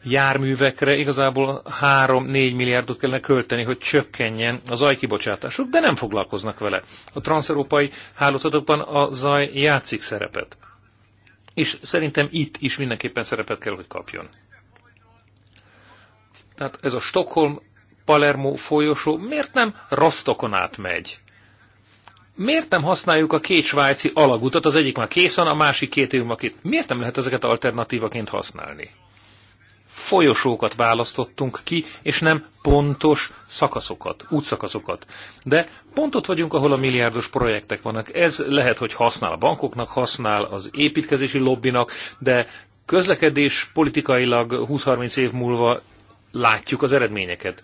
Speaker 3: járművekre igazából 3-4 milliárdot kellene költeni, hogy csökkenjen a zajkibocsátásuk, de nem foglalkoznak vele. A transzeurópai hálózatokban a zaj játszik szerepet. És szerintem itt is mindenképpen szerepet kell, hogy kapjon. Tehát ez a Stockholm Palermo folyosó miért nem Rostokon átmegy? Miért nem használjuk a két svájci alagutat, az egyik már készen, a másik két év már Miért nem lehet ezeket alternatívaként használni? Folyosókat választottunk ki, és nem pontos szakaszokat, útszakaszokat. De pont ott vagyunk, ahol a milliárdos projektek vannak. Ez lehet, hogy használ a bankoknak, használ az építkezési lobbinak, de közlekedés politikailag 20-30 év múlva látjuk az eredményeket.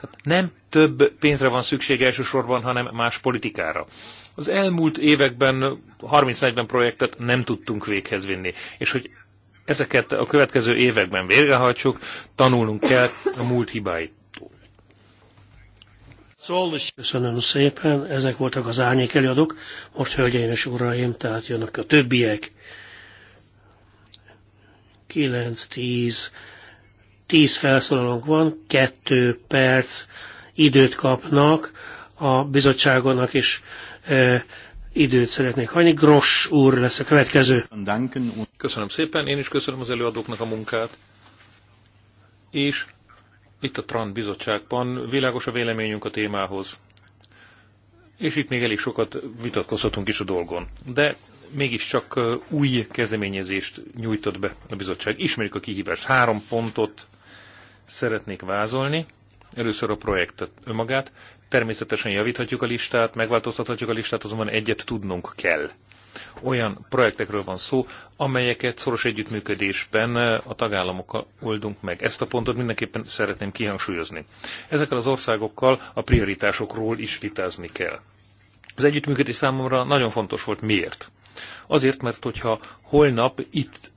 Speaker 3: Tehát nem több pénzre van szükség elsősorban, hanem más politikára. Az elmúlt években 30-40 projektet nem tudtunk véghez vinni, és hogy ezeket a következő években végrehajtsuk, tanulnunk kell a múlt hibáit.
Speaker 1: Köszönöm szépen, ezek voltak az árnyék előadók. Most, hölgyeim és uraim, tehát jönnek a többiek. 9, 10, tíz felszólalónk van, kettő perc időt kapnak, a bizottságonak is e, időt szeretnék hagyni. Gross úr lesz a következő.
Speaker 3: Köszönöm szépen, én is köszönöm az előadóknak a munkát. És itt a Trant bizottságban világos a véleményünk a témához. És itt még elég sokat vitatkozhatunk is a dolgon. De mégiscsak új kezdeményezést nyújtott be a bizottság. Ismerjük a kihívást. Három pontot szeretnék vázolni. Először a projektet önmagát. Természetesen javíthatjuk a listát, megváltoztathatjuk a listát, azonban egyet tudnunk kell. Olyan projektekről van szó, amelyeket szoros együttműködésben eh, a tagállamokkal oldunk meg. Ezt a pontot mindenképpen szeretném kihangsúlyozni. Ezekkel az országokkal a prioritásokról is vitázni kell. Az együttműködés számomra nagyon fontos volt. Miért? Azért, mert hogyha holnap itt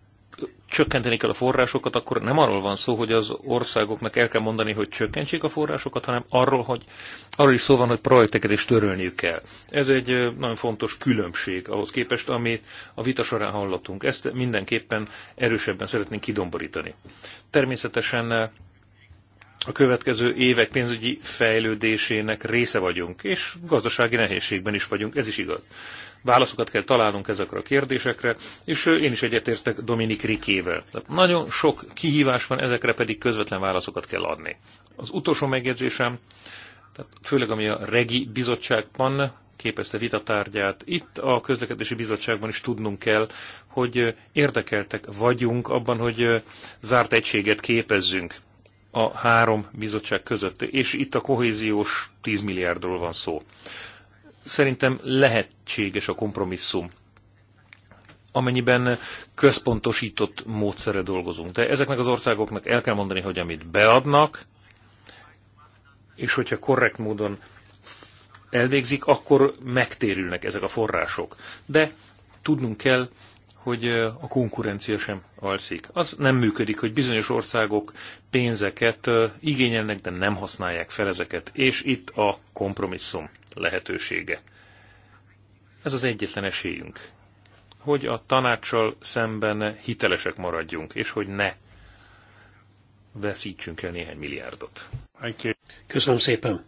Speaker 3: csökkenteni kell a forrásokat, akkor nem arról van szó, hogy az országoknak el kell mondani, hogy csökkentsék a forrásokat, hanem arról, hogy arról is szó van, hogy projekteket is törölniük kell. Ez egy nagyon fontos különbség ahhoz képest, amit a vita során hallottunk. Ezt mindenképpen erősebben szeretnénk kidomborítani. Természetesen a következő évek pénzügyi fejlődésének része vagyunk, és gazdasági nehézségben is vagyunk, ez is igaz. Válaszokat kell találnunk ezekre a kérdésekre, és én is egyetértek Dominik Rikével. nagyon sok kihívás van, ezekre pedig közvetlen válaszokat kell adni. Az utolsó megjegyzésem, tehát főleg ami a Regi Bizottságban képezte vitatárgyát. Itt a közlekedési bizottságban is tudnunk kell, hogy érdekeltek vagyunk abban, hogy zárt egységet képezzünk a három bizottság között, és itt a kohéziós 10 milliárdról van szó. Szerintem lehetséges a kompromisszum, amennyiben központosított módszere dolgozunk. De ezeknek az országoknak el kell mondani, hogy amit beadnak, és hogyha korrekt módon elvégzik, akkor megtérülnek ezek a források. De tudnunk kell, hogy a konkurencia sem alszik. Az nem működik, hogy bizonyos országok pénzeket igényelnek, de nem használják fel ezeket, és itt a kompromisszum lehetősége. Ez az egyetlen esélyünk, hogy a tanácssal szemben hitelesek maradjunk, és hogy ne veszítsünk el néhány milliárdot.
Speaker 1: Köszönöm szépen!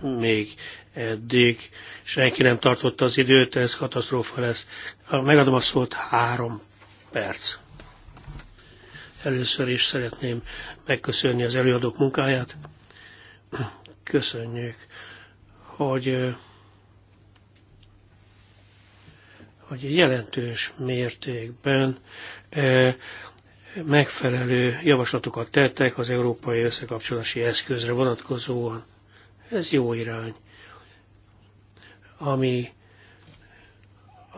Speaker 1: Még eddig senki nem tartotta az időt, ez katasztrófa lesz. Megadom a szót három perc. Először is szeretném megköszönni az előadók munkáját. Köszönjük, hogy, hogy jelentős mértékben megfelelő javaslatokat tettek az európai összekapcsolási eszközre vonatkozóan. Ez jó irány ami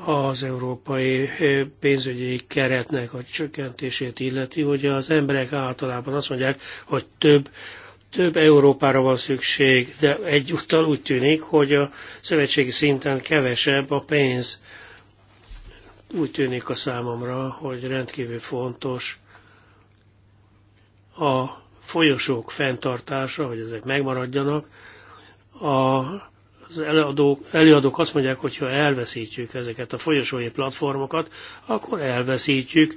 Speaker 1: az európai eh, pénzügyi keretnek a csökkentését illeti. hogy az emberek általában azt mondják, hogy több, több Európára van szükség, de egyúttal úgy tűnik, hogy a szövetségi szinten kevesebb a pénz. Úgy tűnik a számomra, hogy rendkívül fontos a folyosók fenntartása, hogy ezek megmaradjanak, a az előadók, előadók azt mondják, hogy ha elveszítjük ezeket a folyosói platformokat, akkor elveszítjük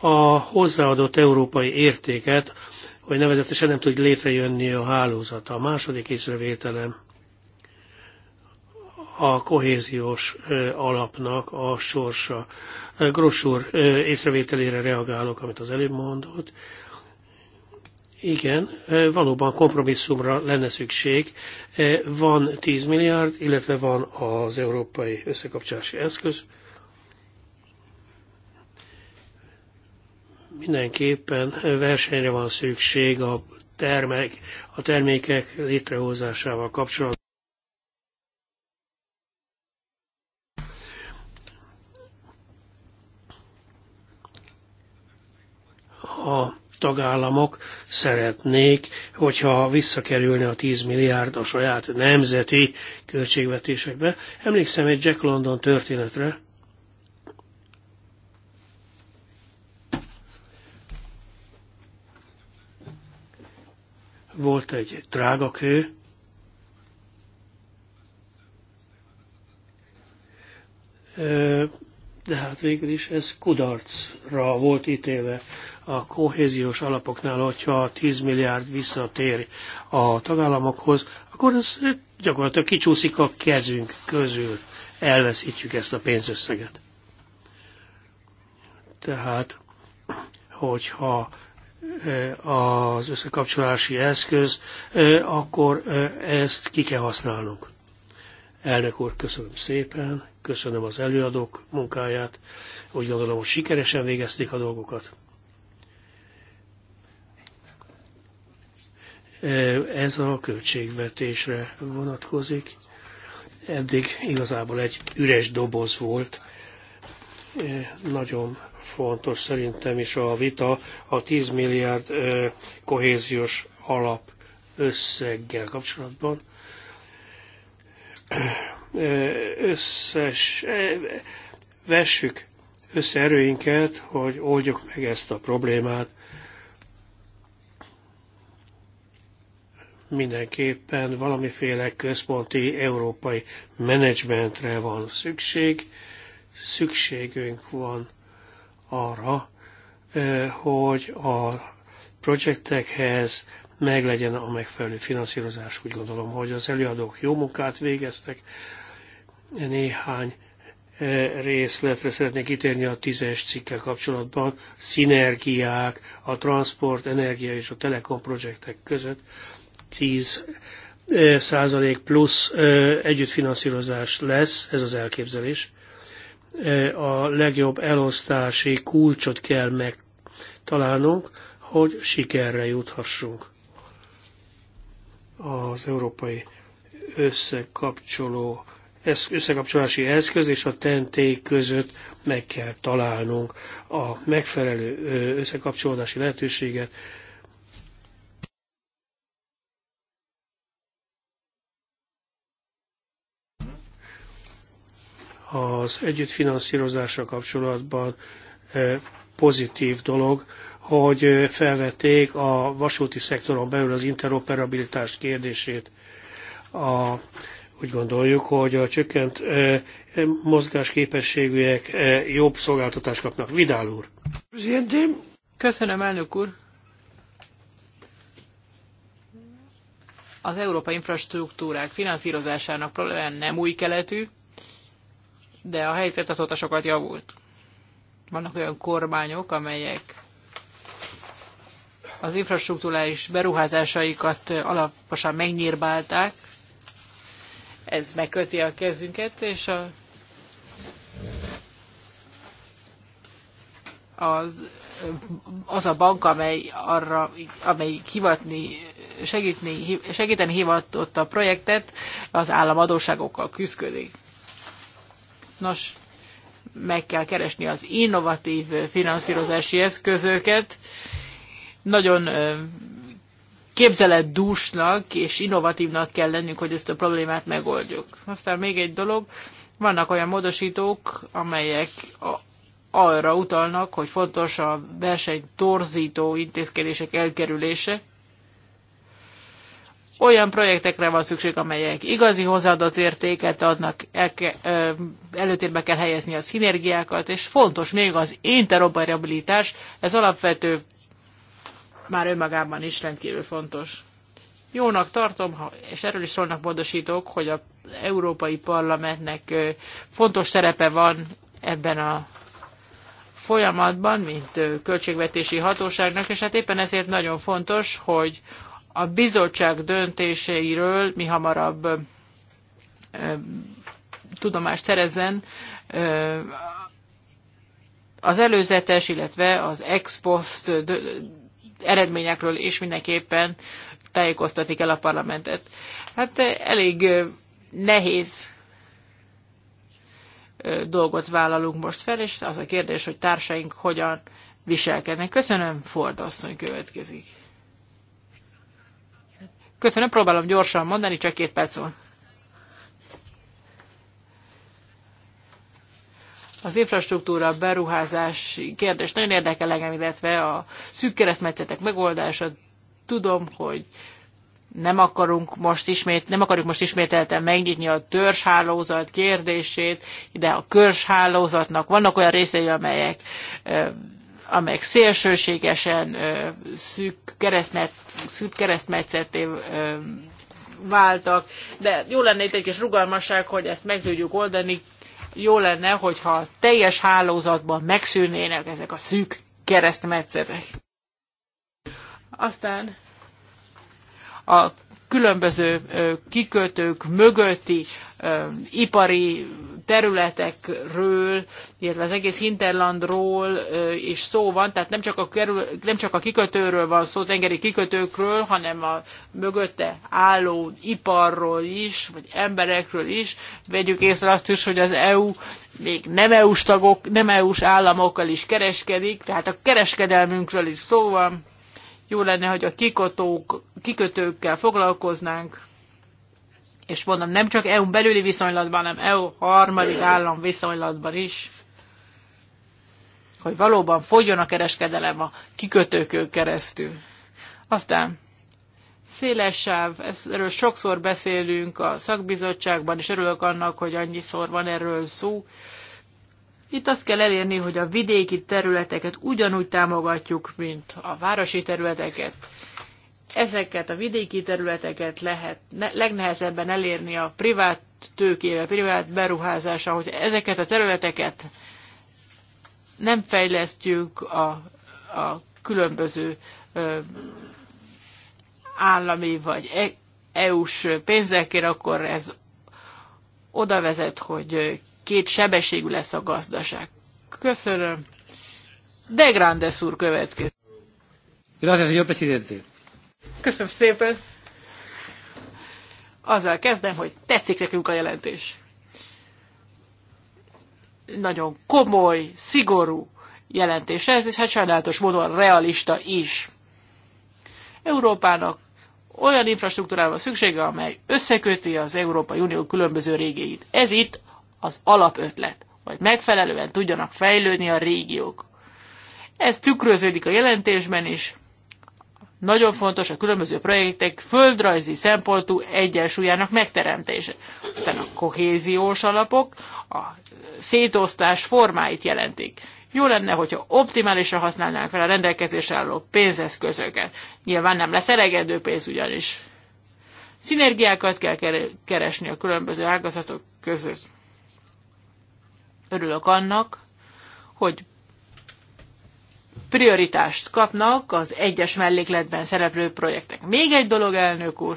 Speaker 1: a hozzáadott európai értéket, hogy nevezetesen nem tud létrejönni a hálózat. A második észrevételem a kohéziós alapnak a sorsa. Grossúr észrevételére reagálok, amit az előbb mondott. Igen, valóban kompromisszumra lenne szükség. Van 10 milliárd, illetve van az európai összekapcsolási eszköz. Mindenképpen versenyre van szükség a, termek, a termékek létrehozásával kapcsolatban. A tagállamok szeretnék, hogyha visszakerülne a 10 milliárd a saját nemzeti költségvetésekbe. Emlékszem egy Jack London történetre, volt egy drágakő, de hát végül is ez kudarcra volt ítélve a kohéziós alapoknál, hogyha 10 milliárd visszatér a tagállamokhoz, akkor ez gyakorlatilag kicsúszik a kezünk közül, elveszítjük ezt a pénzösszeget. Tehát, hogyha e, az összekapcsolási eszköz, e, akkor e, ezt ki kell használnunk. Elnök úr, köszönöm szépen, köszönöm az előadók munkáját, úgy gondolom, hogy sikeresen végezték a dolgokat. Ez a költségvetésre vonatkozik. Eddig igazából egy üres doboz volt. E, nagyon fontos szerintem is a vita a 10 milliárd e, kohéziós alap összeggel kapcsolatban e, összes, vessük össze erőinket, hogy oldjuk meg ezt a problémát. mindenképpen valamiféle központi európai menedzsmentre van szükség. Szükségünk van arra, hogy a projektekhez meglegyen a megfelelő finanszírozás. Úgy gondolom, hogy az előadók jó munkát végeztek. Néhány részletre szeretnék kitérni a tízes cikkel kapcsolatban, szinergiák a transport, energia és a telekom projektek között. 10 százalék plusz együttfinanszírozás lesz, ez az elképzelés. A legjobb elosztási kulcsot kell megtalálnunk, hogy sikerre juthassunk. Az európai összekapcsoló összekapcsolási eszköz és a tenték között meg kell találnunk a megfelelő összekapcsolódási lehetőséget, az együttfinanszírozásra kapcsolatban eh, pozitív dolog, hogy eh, felvették a vasúti szektoron belül az interoperabilitás kérdését. A, úgy gondoljuk, hogy a csökkent eh, mozgásképességűek jobb szolgáltatást kapnak. Vidál úr!
Speaker 2: Köszönöm, elnök úr! Az európai infrastruktúrák finanszírozásának problémája nem új keletű, de a helyzet azóta sokat javult. Vannak olyan kormányok, amelyek az infrastruktúrális beruházásaikat alaposan megnyírbálták, ez megköti a kezünket, és a, az, az a bank, amely arra, amely hivatni, segíteni, segíteni hivatott a projektet, az államadóságokkal küzdik. Nos, meg kell keresni az innovatív finanszírozási eszközöket. Nagyon dúsnak és innovatívnak kell lennünk, hogy ezt a problémát megoldjuk. Aztán még egy dolog, vannak olyan módosítók, amelyek a, arra utalnak, hogy fontos a verseny torzító intézkedések elkerülése olyan projektekre van szükség, amelyek igazi hozzáadott értéket adnak, el, előtérbe kell helyezni a szinergiákat, és fontos még az interoperabilitás, ez alapvető, már önmagában is rendkívül fontos. Jónak tartom, és erről is szólnak módosítók, hogy az Európai Parlamentnek fontos szerepe van ebben a folyamatban, mint költségvetési hatóságnak, és hát éppen ezért nagyon fontos, hogy a bizottság döntéseiről mi hamarabb tudomást szerezzen az előzetes, illetve az ex post eredményekről is mindenképpen tájékoztatik el a parlamentet. Hát elég nehéz dolgot vállalunk most fel, és az a kérdés, hogy társaink hogyan viselkednek. Köszönöm, Ford asszony következik. Köszönöm, próbálom gyorsan mondani, csak két perc van. Az infrastruktúra beruházási kérdés nagyon érdekel engem, illetve a szűk keresztmetszetek megoldása. Tudom, hogy nem akarunk most ismét, nem akarjuk most ismételten megnyitni a törzshálózat kérdését, de a körshálózatnak vannak olyan részei, amelyek amelyek szélsőségesen ö, szűk, keresztmet, szűk keresztmetszetté váltak, de jó lenne itt egy kis rugalmasság, hogy ezt meg tudjuk oldani. Jó lenne, hogyha a teljes hálózatban megszűnnének ezek a szűk keresztmetszetek. Aztán a különböző kikötők mögötti ö, ipari területekről, illetve az egész hinterlandról is szó van, tehát nem csak a, kerül, nem csak a kikötőről van szó, tengeri kikötőkről, hanem a mögötte álló iparról is, vagy emberekről is. Vegyük észre azt is, hogy az EU még nem EU-s tagok, nem EU-s államokkal is kereskedik, tehát a kereskedelmünkről is szó van. Jó lenne, hogy a kikotók, kikötőkkel foglalkoznánk, és mondom, nem csak EU belüli viszonylatban, hanem EU harmadik állam viszonylatban is, hogy valóban fogjon a kereskedelem a kikötőkön keresztül. Aztán széles sáv, erről sokszor beszélünk a szakbizottságban, és örülök annak, hogy annyiszor van erről szó. Itt azt kell elérni, hogy a vidéki területeket ugyanúgy támogatjuk, mint a városi területeket ezeket a vidéki területeket lehet ne, legnehezebben elérni a privát tőkével, privát beruházása, hogy ezeket a területeket nem fejlesztjük a, a különböző ö, állami vagy e-, EU-s pénzekért, akkor ez oda vezet, hogy két sebességű lesz a gazdaság. Köszönöm. De Grandes úr következik.
Speaker 1: Gracias, señor presidente.
Speaker 2: Köszönöm szépen. Azzal kezdem, hogy tetszik nekünk a jelentés. Nagyon komoly, szigorú jelentés ez, és hát sajnálatos módon realista is. Európának olyan infrastruktúrára van szüksége, amely összeköti az Európai Unió különböző régéit. Ez itt az alapötlet, hogy megfelelően tudjanak fejlődni a régiók. Ez tükröződik a jelentésben is nagyon fontos a különböző projektek földrajzi szempontú egyensúlyának megteremtése. Aztán a kohéziós alapok a szétosztás formáit jelentik. Jó lenne, hogyha optimálisra használnánk fel a rendelkezésre álló pénzeszközöket. Nyilván nem lesz elegendő pénz ugyanis. Szinergiákat kell keresni a különböző ágazatok között. Örülök annak, hogy prioritást kapnak az egyes mellékletben szereplő projektek. Még egy dolog, elnök úr,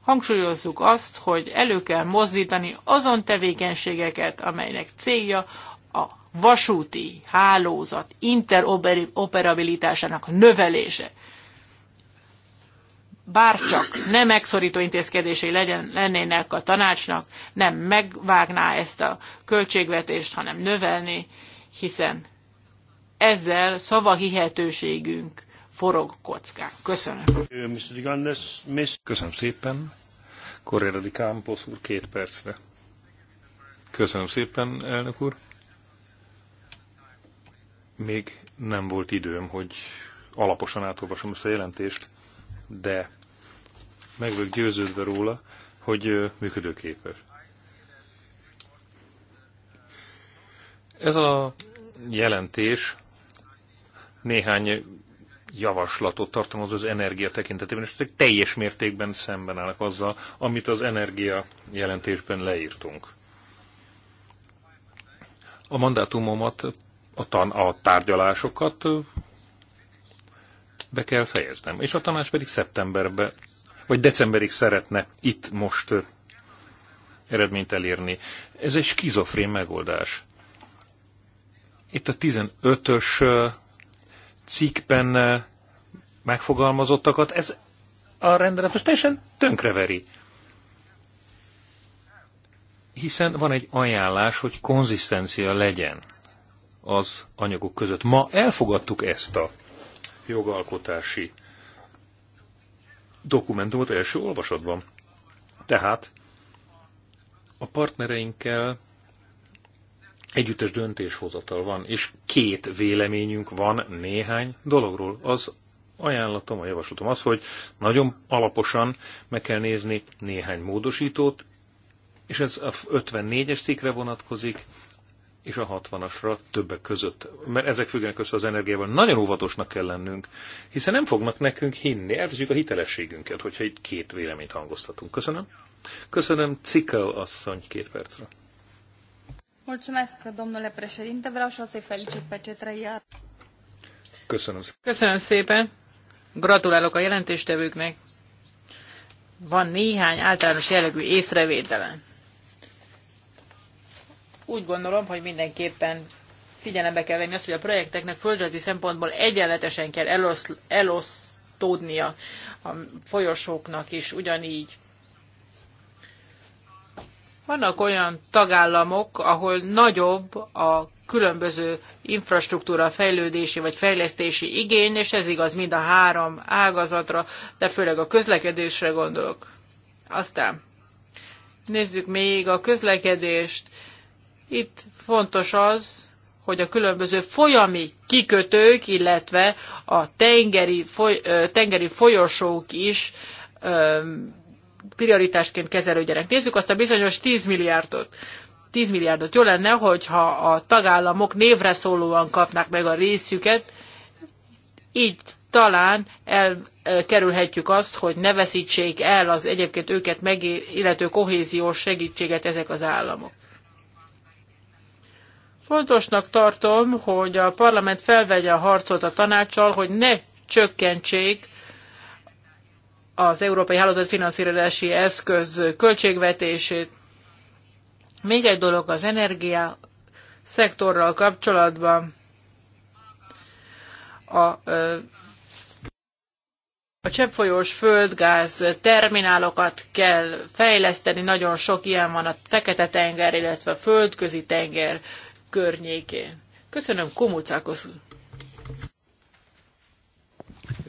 Speaker 2: hangsúlyozzuk azt, hogy elő kell mozdítani azon tevékenységeket, amelynek célja a vasúti hálózat interoperabilitásának növelése. Bárcsak nem megszorító intézkedései legyen, lennének a tanácsnak, nem megvágná ezt a költségvetést, hanem növelni, hiszen ezzel szava hihetőségünk forog kockán. Köszönöm.
Speaker 3: Köszönöm szépen. Correra di Campos úr két percre. Köszönöm szépen, elnök úr. Még nem volt időm, hogy alaposan átolvasom ezt a jelentést, de meg vagyok győződve róla, hogy működőképes. Ez a jelentés néhány javaslatot tartalmaz az energia tekintetében, és ezek teljes mértékben szemben állnak azzal, amit az energia jelentésben leírtunk. A mandátumomat, a, tan, a tárgyalásokat be kell fejeznem, és a tanács pedig szeptemberbe, vagy decemberig szeretne itt most eredményt elérni. Ez egy skizofrén megoldás. Itt a 15-ös cikkben eh, megfogalmazottakat, ez a rendelet most teljesen tönkreveri. Hiszen van egy ajánlás, hogy konzisztencia legyen az anyagok között. Ma elfogadtuk ezt a jogalkotási dokumentumot első olvasatban. Tehát a partnereinkkel együttes döntéshozatal van, és két véleményünk van néhány dologról. Az ajánlatom, a javaslatom az, hogy nagyon alaposan meg kell nézni néhány módosítót, és ez a 54-es cikkre vonatkozik, és a 60-asra többek között. Mert ezek függenek össze az energiával. Nagyon óvatosnak kell lennünk, hiszen nem fognak nekünk hinni. Elveszünk a hitelességünket, hogyha itt két véleményt hangoztatunk. Köszönöm. Köszönöm Cikkel asszony két percre.
Speaker 2: Mulțumesc, domnule președinte. Vreau și o să-i felicit pe Köszönöm. Köszönöm szépen. Gratulálok a jelentéstevőknek. Van néhány általános jellegű észrevételen. Úgy gondolom, hogy mindenképpen figyelembe kell venni azt, hogy a projekteknek földrajzi szempontból egyenletesen kell elosztódnia a folyosóknak is, ugyanígy vannak olyan tagállamok, ahol nagyobb a különböző infrastruktúra fejlődési vagy fejlesztési igény, és ez igaz mind a három ágazatra, de főleg a közlekedésre gondolok. Aztán nézzük még a közlekedést. Itt fontos az, hogy a különböző folyami kikötők, illetve a tengeri, foly, tengeri folyosók is öm, prioritásként kezelődjenek. Nézzük azt a bizonyos 10 milliárdot. 10 milliárdot. Jó lenne, hogyha a tagállamok névre szólóan kapnák meg a részüket, így talán elkerülhetjük azt, hogy ne veszítsék el az egyébként őket megillető kohéziós segítséget ezek az államok. Fontosnak tartom, hogy a parlament felvegye a harcot a tanácssal, hogy ne csökkentsék az Európai Hálózatfinanszírozási Eszköz költségvetését. Még egy dolog az energia szektorral kapcsolatban. A, a cseppfolyós földgáz terminálokat kell fejleszteni, nagyon sok ilyen van a Fekete-tenger, illetve a földközi tenger környékén. Köszönöm, Komucákos.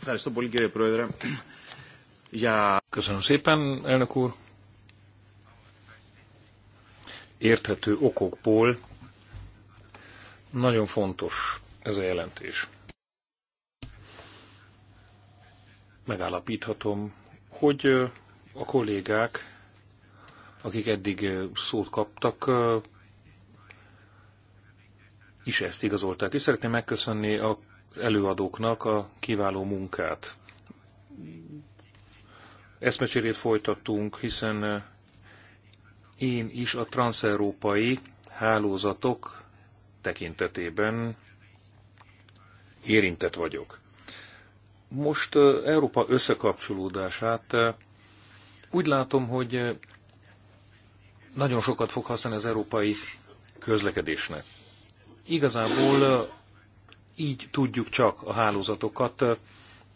Speaker 3: Köszönöm, Ja. Köszönöm szépen, elnök úr. Érthető okokból nagyon fontos ez a jelentés. Megállapíthatom, hogy a kollégák, akik eddig szót kaptak, is ezt igazolták. És szeretném megköszönni az előadóknak a kiváló munkát eszmecserét folytattunk, hiszen eh, én is a transzeurópai hálózatok tekintetében érintett vagyok. Most eh, Európa összekapcsolódását eh, úgy látom, hogy nagyon sokat fog használni az európai közlekedésnek. Igazából így tudjuk csak a hálózatokat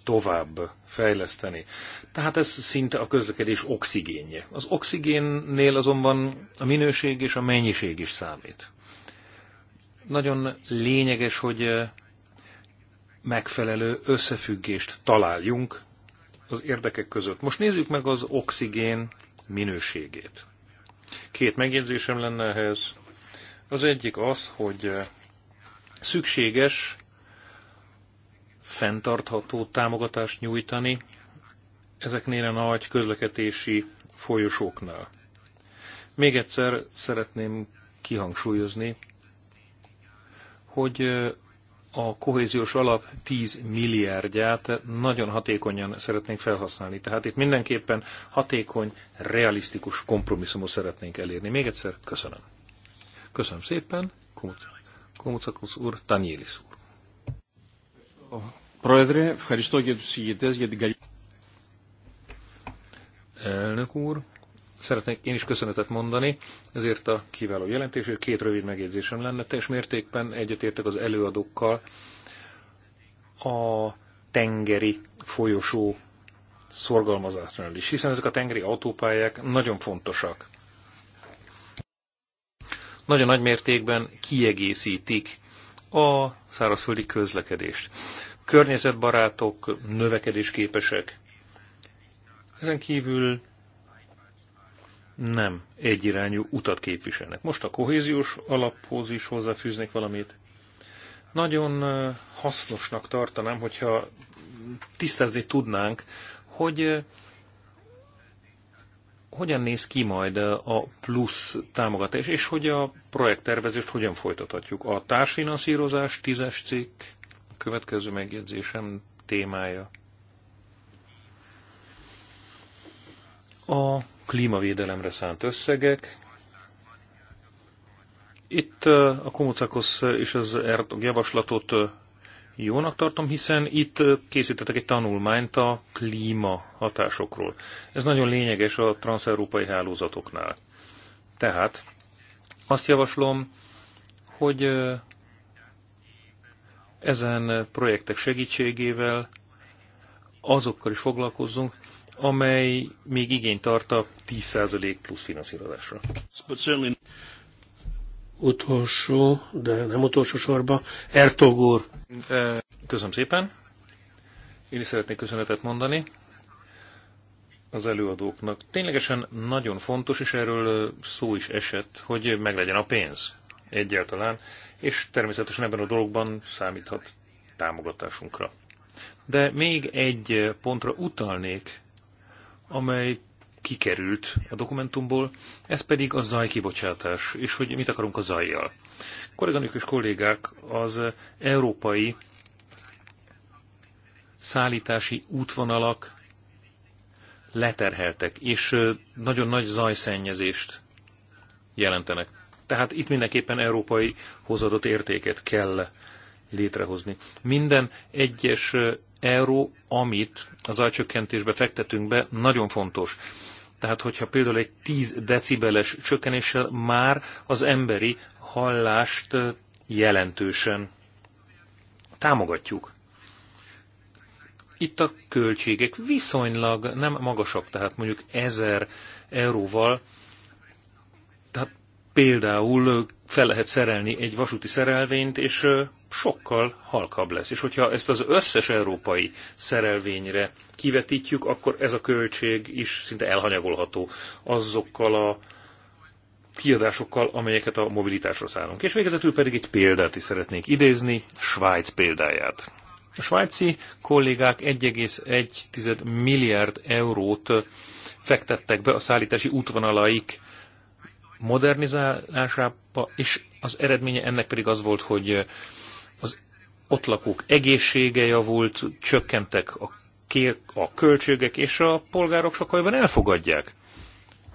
Speaker 3: tovább fejleszteni. Tehát ez szinte a közlekedés oxigénje. Az oxigénnél azonban a minőség és a mennyiség is számít. Nagyon lényeges, hogy eh, megfelelő összefüggést találjunk az érdekek között. Most nézzük meg az oxigén minőségét. Két megjegyzésem lenne ehhez. Az egyik az, hogy eh, szükséges fenntartható támogatást nyújtani ezeknél a nagy közlekedési folyosóknál. Még egyszer szeretném kihangsúlyozni, hogy a kohéziós alap 10 milliárdját nagyon hatékonyan szeretnénk felhasználni. Tehát itt mindenképpen hatékony, realisztikus kompromisszumot szeretnénk elérni. Még egyszer köszönöm. Köszönöm szépen, Komucakusz úr, Tanyélis úr. Πρόεδρε, ευχαριστώ και τους για την καλή... Elnök úr, szeretnék én is köszönetet mondani ezért a kiváló jelentésért. Két rövid megjegyzésem lenne. Teljes mértékben egyetértek az előadókkal a tengeri folyosó szorgalmazásnál is, hiszen ezek a tengeri autópályák nagyon fontosak. Nagyon nagy mértékben kiegészítik a szárazföldi közlekedést környezetbarátok, növekedésképesek. Ezen kívül nem egyirányú utat képviselnek. Most a kohéziós alaphoz is hozzáfűznék valamit. Nagyon hasznosnak tartanám, hogyha tisztázni tudnánk, hogy hogyan néz ki majd a plusz támogatás, és hogy a projekttervezést hogyan folytathatjuk. A társfinanszírozás, tízes cikk, Következő megjegyzésem témája a klímavédelemre szánt összegek. Itt a Komucakosz és az Erdog javaslatot jónak tartom, hiszen itt készítettek egy tanulmányt a klíma hatásokról. Ez nagyon lényeges a transzeurópai hálózatoknál. Tehát azt javaslom, hogy ezen projektek segítségével azokkal is foglalkozzunk, amely még igény tart a 10% plusz finanszírozásra.
Speaker 1: Utolsó, de nem utolsó sorban, Ertog úr.
Speaker 3: Köszönöm szépen. Én is szeretnék köszönetet mondani az előadóknak. Ténylegesen nagyon fontos, és erről szó is esett, hogy meglegyen a pénz egyáltalán, és természetesen ebben a dologban számíthat támogatásunkra. De még egy pontra utalnék, amely kikerült a dokumentumból, ez pedig a zajkibocsátás, és hogy mit akarunk a zajjal. Kolléganők és kollégák az európai szállítási útvonalak leterheltek, és nagyon nagy zajszennyezést jelentenek. Tehát itt mindenképpen európai hozadott értéket kell létrehozni. Minden egyes euró, amit az alcsökkentésbe fektetünk be, nagyon fontos. Tehát, hogyha például egy 10 decibeles csökkenéssel már az emberi hallást jelentősen támogatjuk. Itt a költségek viszonylag nem magasak, tehát mondjuk 1000 euróval, tehát például fel lehet szerelni egy vasúti szerelvényt, és sokkal halkabb lesz. És hogyha ezt az összes európai szerelvényre kivetítjük, akkor ez a költség is szinte elhanyagolható azokkal a kiadásokkal, amelyeket a mobilitásra szállunk. És végezetül pedig egy példát is szeretnék idézni, Svájc példáját. A svájci kollégák 1,1 milliárd eurót fektettek be a szállítási útvonalaik modernizálásába, és az eredménye ennek pedig az volt, hogy az ott lakók egészsége javult, csökkentek a, kér, a költségek, és a polgárok sokkal jobban elfogadják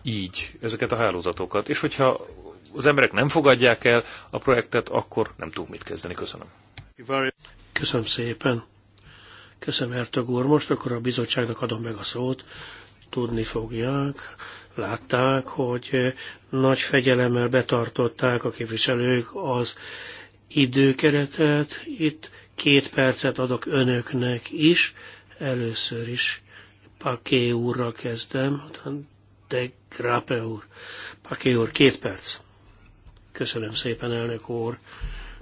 Speaker 3: így ezeket a hálózatokat. És hogyha az emberek nem fogadják el a projektet, akkor nem tudunk mit kezdeni. Köszönöm.
Speaker 1: Köszönöm szépen. Köszönöm, Ertag úr. Most akkor a bizottságnak adom meg a szót. Tudni fogják, látták, hogy nagy fegyelemmel betartották a képviselők az időkeretet. Itt két percet adok önöknek is. Először is Paké úrra kezdem, de Grape úr. Paké úr, két perc. Köszönöm szépen, elnök úr.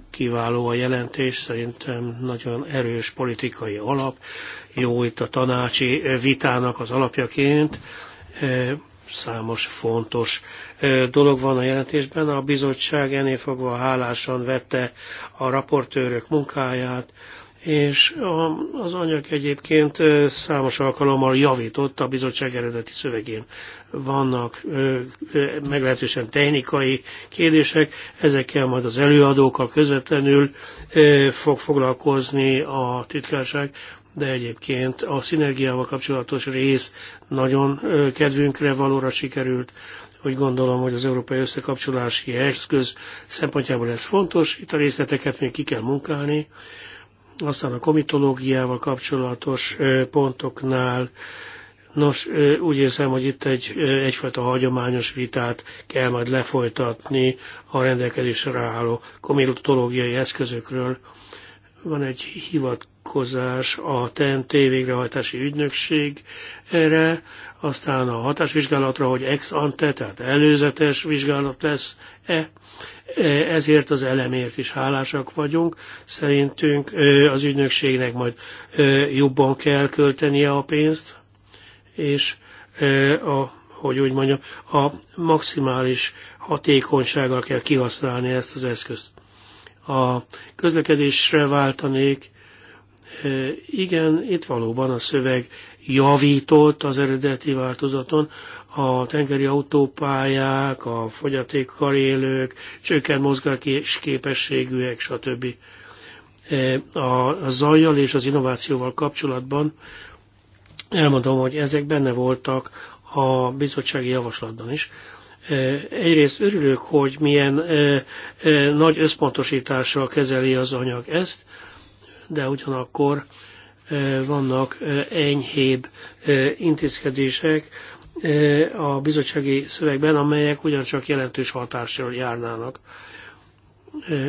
Speaker 1: Kiváló a jelentés, szerintem nagyon erős politikai alap, jó itt a tanácsi vitának az alapjaként számos fontos dolog van a jelentésben. A bizottság ennél fogva hálásan vette a raportőrök munkáját, és az anyag egyébként számos alkalommal javított a bizottság eredeti szövegén. Vannak meglehetősen technikai kérdések, ezekkel majd az előadókkal közvetlenül fog foglalkozni a titkárság, de egyébként a szinergiával kapcsolatos rész nagyon kedvünkre valóra sikerült, hogy gondolom, hogy az európai összekapcsolási eszköz szempontjából ez fontos, itt a részleteket még ki kell munkálni, aztán a komitológiával kapcsolatos pontoknál, Nos, úgy érzem, hogy itt egy, egyfajta hagyományos vitát kell majd lefolytatni a rendelkezésre álló komitológiai eszközökről. Van egy hivatkozás a TNT végrehajtási erre, aztán a hatásvizsgálatra, hogy ex ante, tehát előzetes vizsgálat lesz-e. Ezért az elemért is hálásak vagyunk. Szerintünk az ügynökségnek majd jobban kell költenie a pénzt, és a, hogy úgy mondjam, a maximális hatékonysággal kell kihasználni ezt az eszközt a közlekedésre váltanék. E, igen, itt valóban a szöveg javított az eredeti változaton, a tengeri autópályák, a fogyatékkal élők, csökkent mozgásképességűek, stb. E, a zajjal és az innovációval kapcsolatban elmondom, hogy ezek benne voltak a bizottsági javaslatban is. Egyrészt örülök, hogy milyen nagy összpontosítással kezeli az anyag ezt, de ugyanakkor vannak enyhébb intézkedések a bizottsági szövegben, amelyek ugyancsak jelentős hatással járnának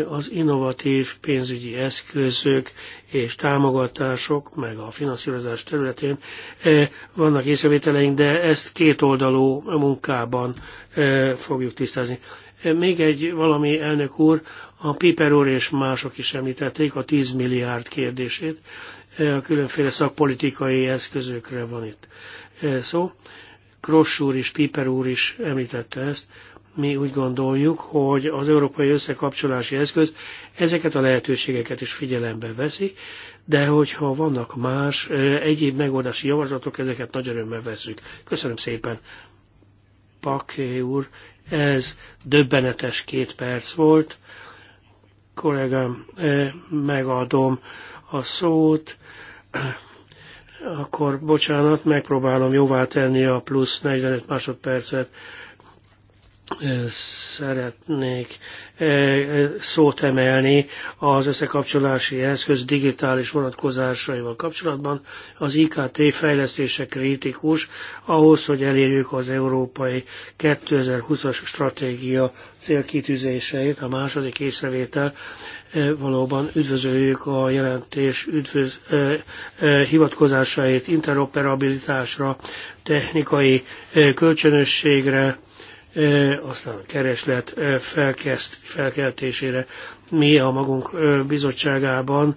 Speaker 1: az innovatív pénzügyi eszközök és támogatások, meg a finanszírozás területén vannak észrevételeink, de ezt kétoldalú munkában fogjuk tisztázni. Még egy valami, elnök úr, a Piper úr és mások is említették a 10 milliárd kérdését, a különféle szakpolitikai eszközökre van itt szó. Kross úr is, Piper úr is említette ezt mi úgy gondoljuk, hogy az európai összekapcsolási eszköz ezeket a lehetőségeket is figyelembe veszi, de hogyha vannak más egyéb megoldási javaslatok, ezeket nagy örömmel veszük. Köszönöm szépen, Paké úr. Ez döbbenetes két perc volt. Kollégám, megadom a szót akkor bocsánat, megpróbálom jóvá tenni a plusz 45 másodpercet, szeretnék szót emelni az összekapcsolási eszköz digitális vonatkozásaival kapcsolatban. Az IKT fejlesztése kritikus ahhoz, hogy elérjük az európai 2020-as stratégia célkitűzéseit. A második észrevétel valóban üdvözöljük a jelentés üdvöz, hivatkozásait interoperabilitásra, technikai kölcsönösségre, E, aztán a kereslet e, felkezd, felkeltésére. Mi a magunk e, bizottságában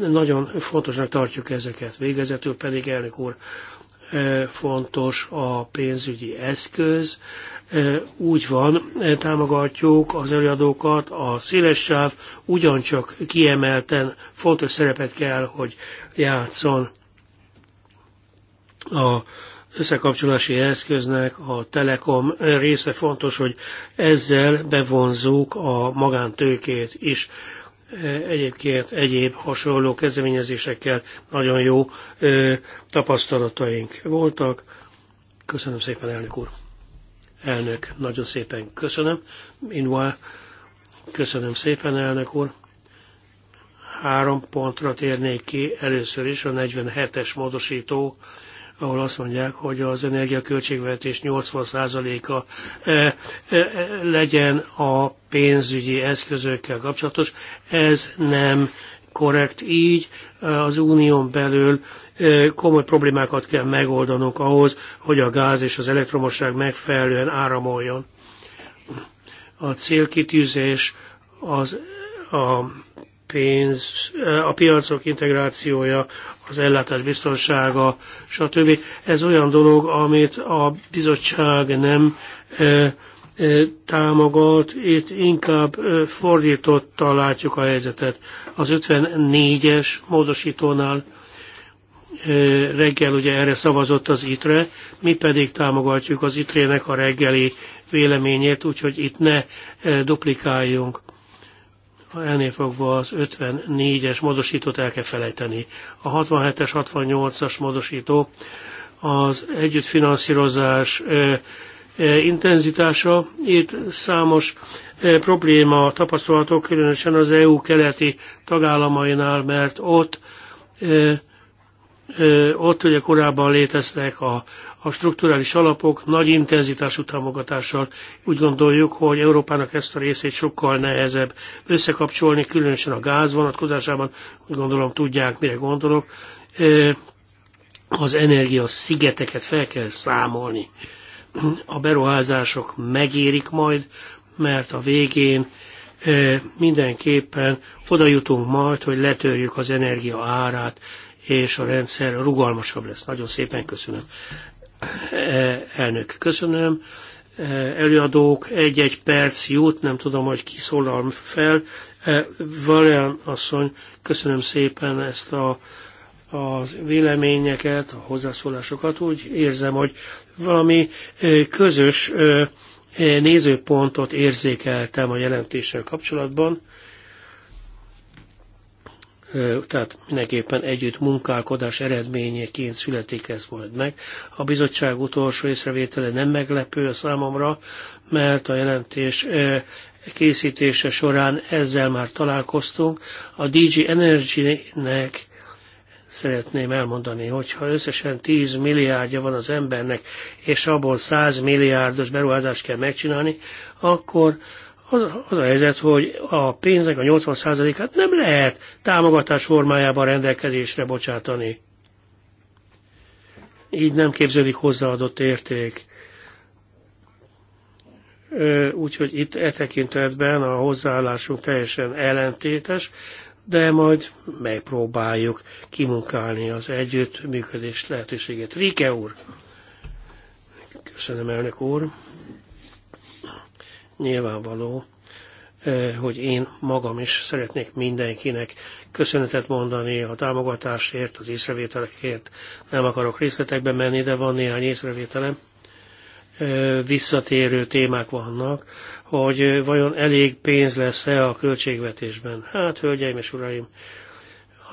Speaker 1: nagyon fontosnak tartjuk ezeket. Végezetül pedig, elnök úr, fontos a pénzügyi eszköz. Úgy van, támogatjuk az előadókat, a széles sáv ugyancsak kiemelten fontos szerepet kell, hogy játszon a összekapcsolási eszköznek a Telekom része fontos, hogy ezzel bevonzuk a magántőkét is. Egyébként egyéb hasonló kezdeményezésekkel nagyon jó tapasztalataink voltak. Köszönöm szépen, elnök úr. Elnök, nagyon szépen köszönöm. Inva, köszönöm szépen, elnök úr három pontra térnék ki, először is a 47-es módosító ahol azt mondják, hogy az energiaköltségvetés 80%-a eh, eh, eh, legyen a pénzügyi eszközökkel kapcsolatos. Ez nem korrekt így. Az unión belül komoly problémákat kell megoldanunk ahhoz, hogy a gáz és az elektromosság megfelelően áramoljon. A célkitűzés az a pénz, eh, a piacok integrációja, az ellátás biztonsága, stb. Ez olyan dolog, amit a bizottság nem eh, eh, támogat, itt inkább fordította látjuk a helyzetet. Az 54-es módosítónál reggel ugye erre szavazott az ITRE, mi pedig támogatjuk az ITRE-nek a reggeli véleményét, úgyhogy itt ne duplikáljunk ennél fogva az 54-es módosítót el kell felejteni. A 67-es, 68-as módosító az együttfinanszírozás intenzitása. Itt számos probléma tapasztalható, különösen az EU keleti tagállamainál, mert ott ott ugye korábban léteztek a, a strukturális alapok nagy intenzitású támogatással. Úgy gondoljuk, hogy Európának ezt a részét sokkal nehezebb összekapcsolni, különösen a gáz vonatkozásában, úgy gondolom tudják, mire gondolok. Az energia szigeteket fel kell számolni. A beruházások megérik majd, mert a végén mindenképpen oda jutunk majd, hogy letörjük az energia árát, és a rendszer rugalmasabb lesz. Nagyon szépen köszönöm. Eh, elnök, köszönöm. Eh, előadók, egy-egy perc jut, nem tudom, hogy ki szólal fel. Eh, Valéan asszony, köszönöm szépen ezt a, az véleményeket, a hozzászólásokat. Úgy érzem, hogy valami közös nézőpontot érzékeltem a jelentéssel kapcsolatban tehát mindenképpen együtt munkálkodás eredményeként születik ez volt meg. A bizottság utolsó észrevétele nem meglepő a számomra, mert a jelentés készítése során ezzel már találkoztunk. A DG Energy-nek szeretném elmondani, hogy ha összesen 10 milliárdja van az embernek, és abból 100 milliárdos beruházást kell megcsinálni, akkor az, az a helyzet, hogy a pénzek a 80%-át nem lehet támogatás formájában rendelkezésre bocsátani. Így nem képződik hozzáadott érték. Úgyhogy itt e tekintetben a hozzáállásunk teljesen ellentétes, de majd megpróbáljuk kimunkálni az együttműködés lehetőségét. Rike úr! Köszönöm, elnök úr! nyilvánvaló, eh, hogy én magam is szeretnék mindenkinek köszönetet mondani a támogatásért, az észrevételekért. Nem akarok részletekbe menni, de van néhány észrevételem. Eh, visszatérő témák vannak, hogy eh, vajon elég pénz lesz-e a költségvetésben. Hát, hölgyeim és uraim,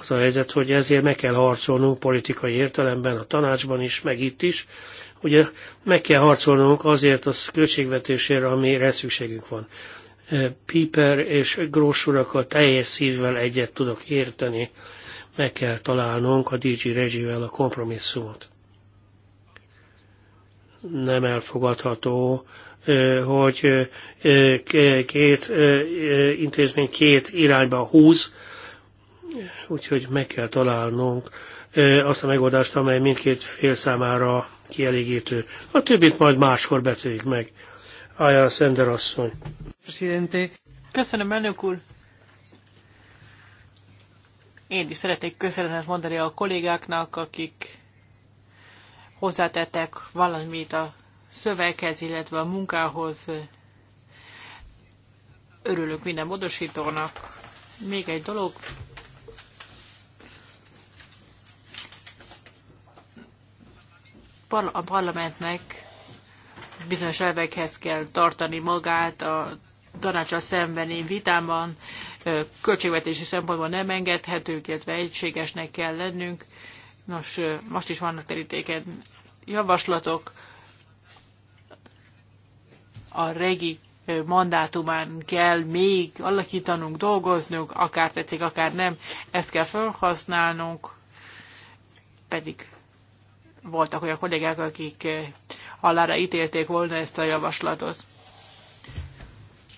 Speaker 1: az a helyzet, hogy ezért meg kell harcolnunk politikai értelemben, a tanácsban is, meg itt is, Ugye meg kell harcolnunk azért a költségvetésére, amire szükségünk van. Piper és Gross teljes szívvel egyet tudok érteni. Meg kell találnunk a DG Regivel a kompromisszumot. Nem elfogadható, hogy két intézmény két irányba húz, úgyhogy meg kell találnunk azt a megoldást, amely mindkét fél számára kielégítő. A többit majd máskor betöljük meg. Ajánl Szender asszony. Presidente. Köszönöm,
Speaker 2: elnök úr. Én is szeretnék köszönetet mondani a kollégáknak, akik hozzátettek valamit a szöveghez, illetve a munkához. Örülök minden módosítónak. Még egy dolog, a parlamentnek bizonyos elvekhez kell tartani magát a tanácsal szembeni vitában, költségvetési szempontból nem engedhetők, illetve egységesnek kell lennünk. Nos, most is vannak terítéken javaslatok. A regi mandátumán kell még alakítanunk, dolgoznunk, akár tetszik, akár nem, ezt kell felhasználnunk, pedig voltak olyan kollégák, akik eh, halára ítélték volna ezt a javaslatot.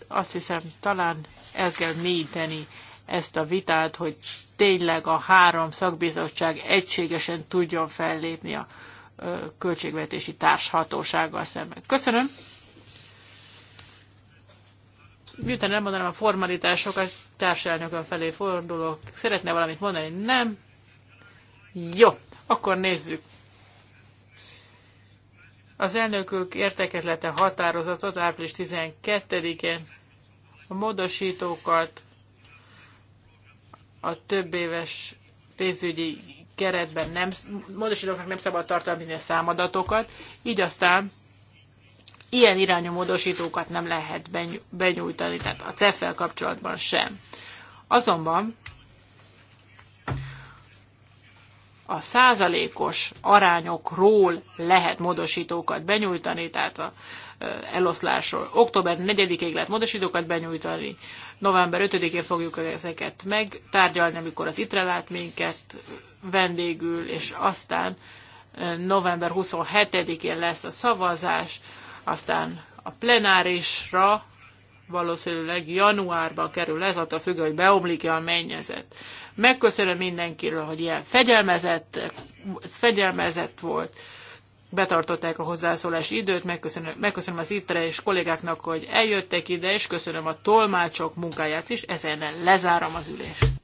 Speaker 2: Azt hiszem, talán el kell mélyíteni ezt a vitát, hogy tényleg a három szakbizottság egységesen tudjon fellépni a költségvetési társhatósággal szemben. Köszönöm! Miután nem mondanám a formalitásokat, társelnökön felé fordulok. Szeretne valamit mondani? Nem? Jó, akkor nézzük. Az elnökök értekezlete határozatot április 12-én a módosítókat a több éves pénzügyi keretben nem, módosítóknak nem szabad tartalmazni a számadatokat, így aztán ilyen irányú módosítókat nem lehet benyújtani, tehát a CEF-fel kapcsolatban sem. Azonban a százalékos arányokról lehet módosítókat benyújtani, tehát a eloszlásról. Október 4-ig lehet módosítókat benyújtani, november 5-én fogjuk ezeket megtárgyalni, amikor az ITRE lát minket vendégül, és aztán november 27-én lesz a szavazás, aztán a plenárisra valószínűleg januárban kerül ez, attól függ, hogy beomlik-e a mennyezet. Megköszönöm mindenkiről, hogy ilyen fegyelmezett, fegyelmezett volt, betartották a hozzászólás időt, megköszönöm, megköszönöm az ittre és kollégáknak, hogy eljöttek ide, és köszönöm a tolmácsok munkáját is, ezen lezárom az ülést.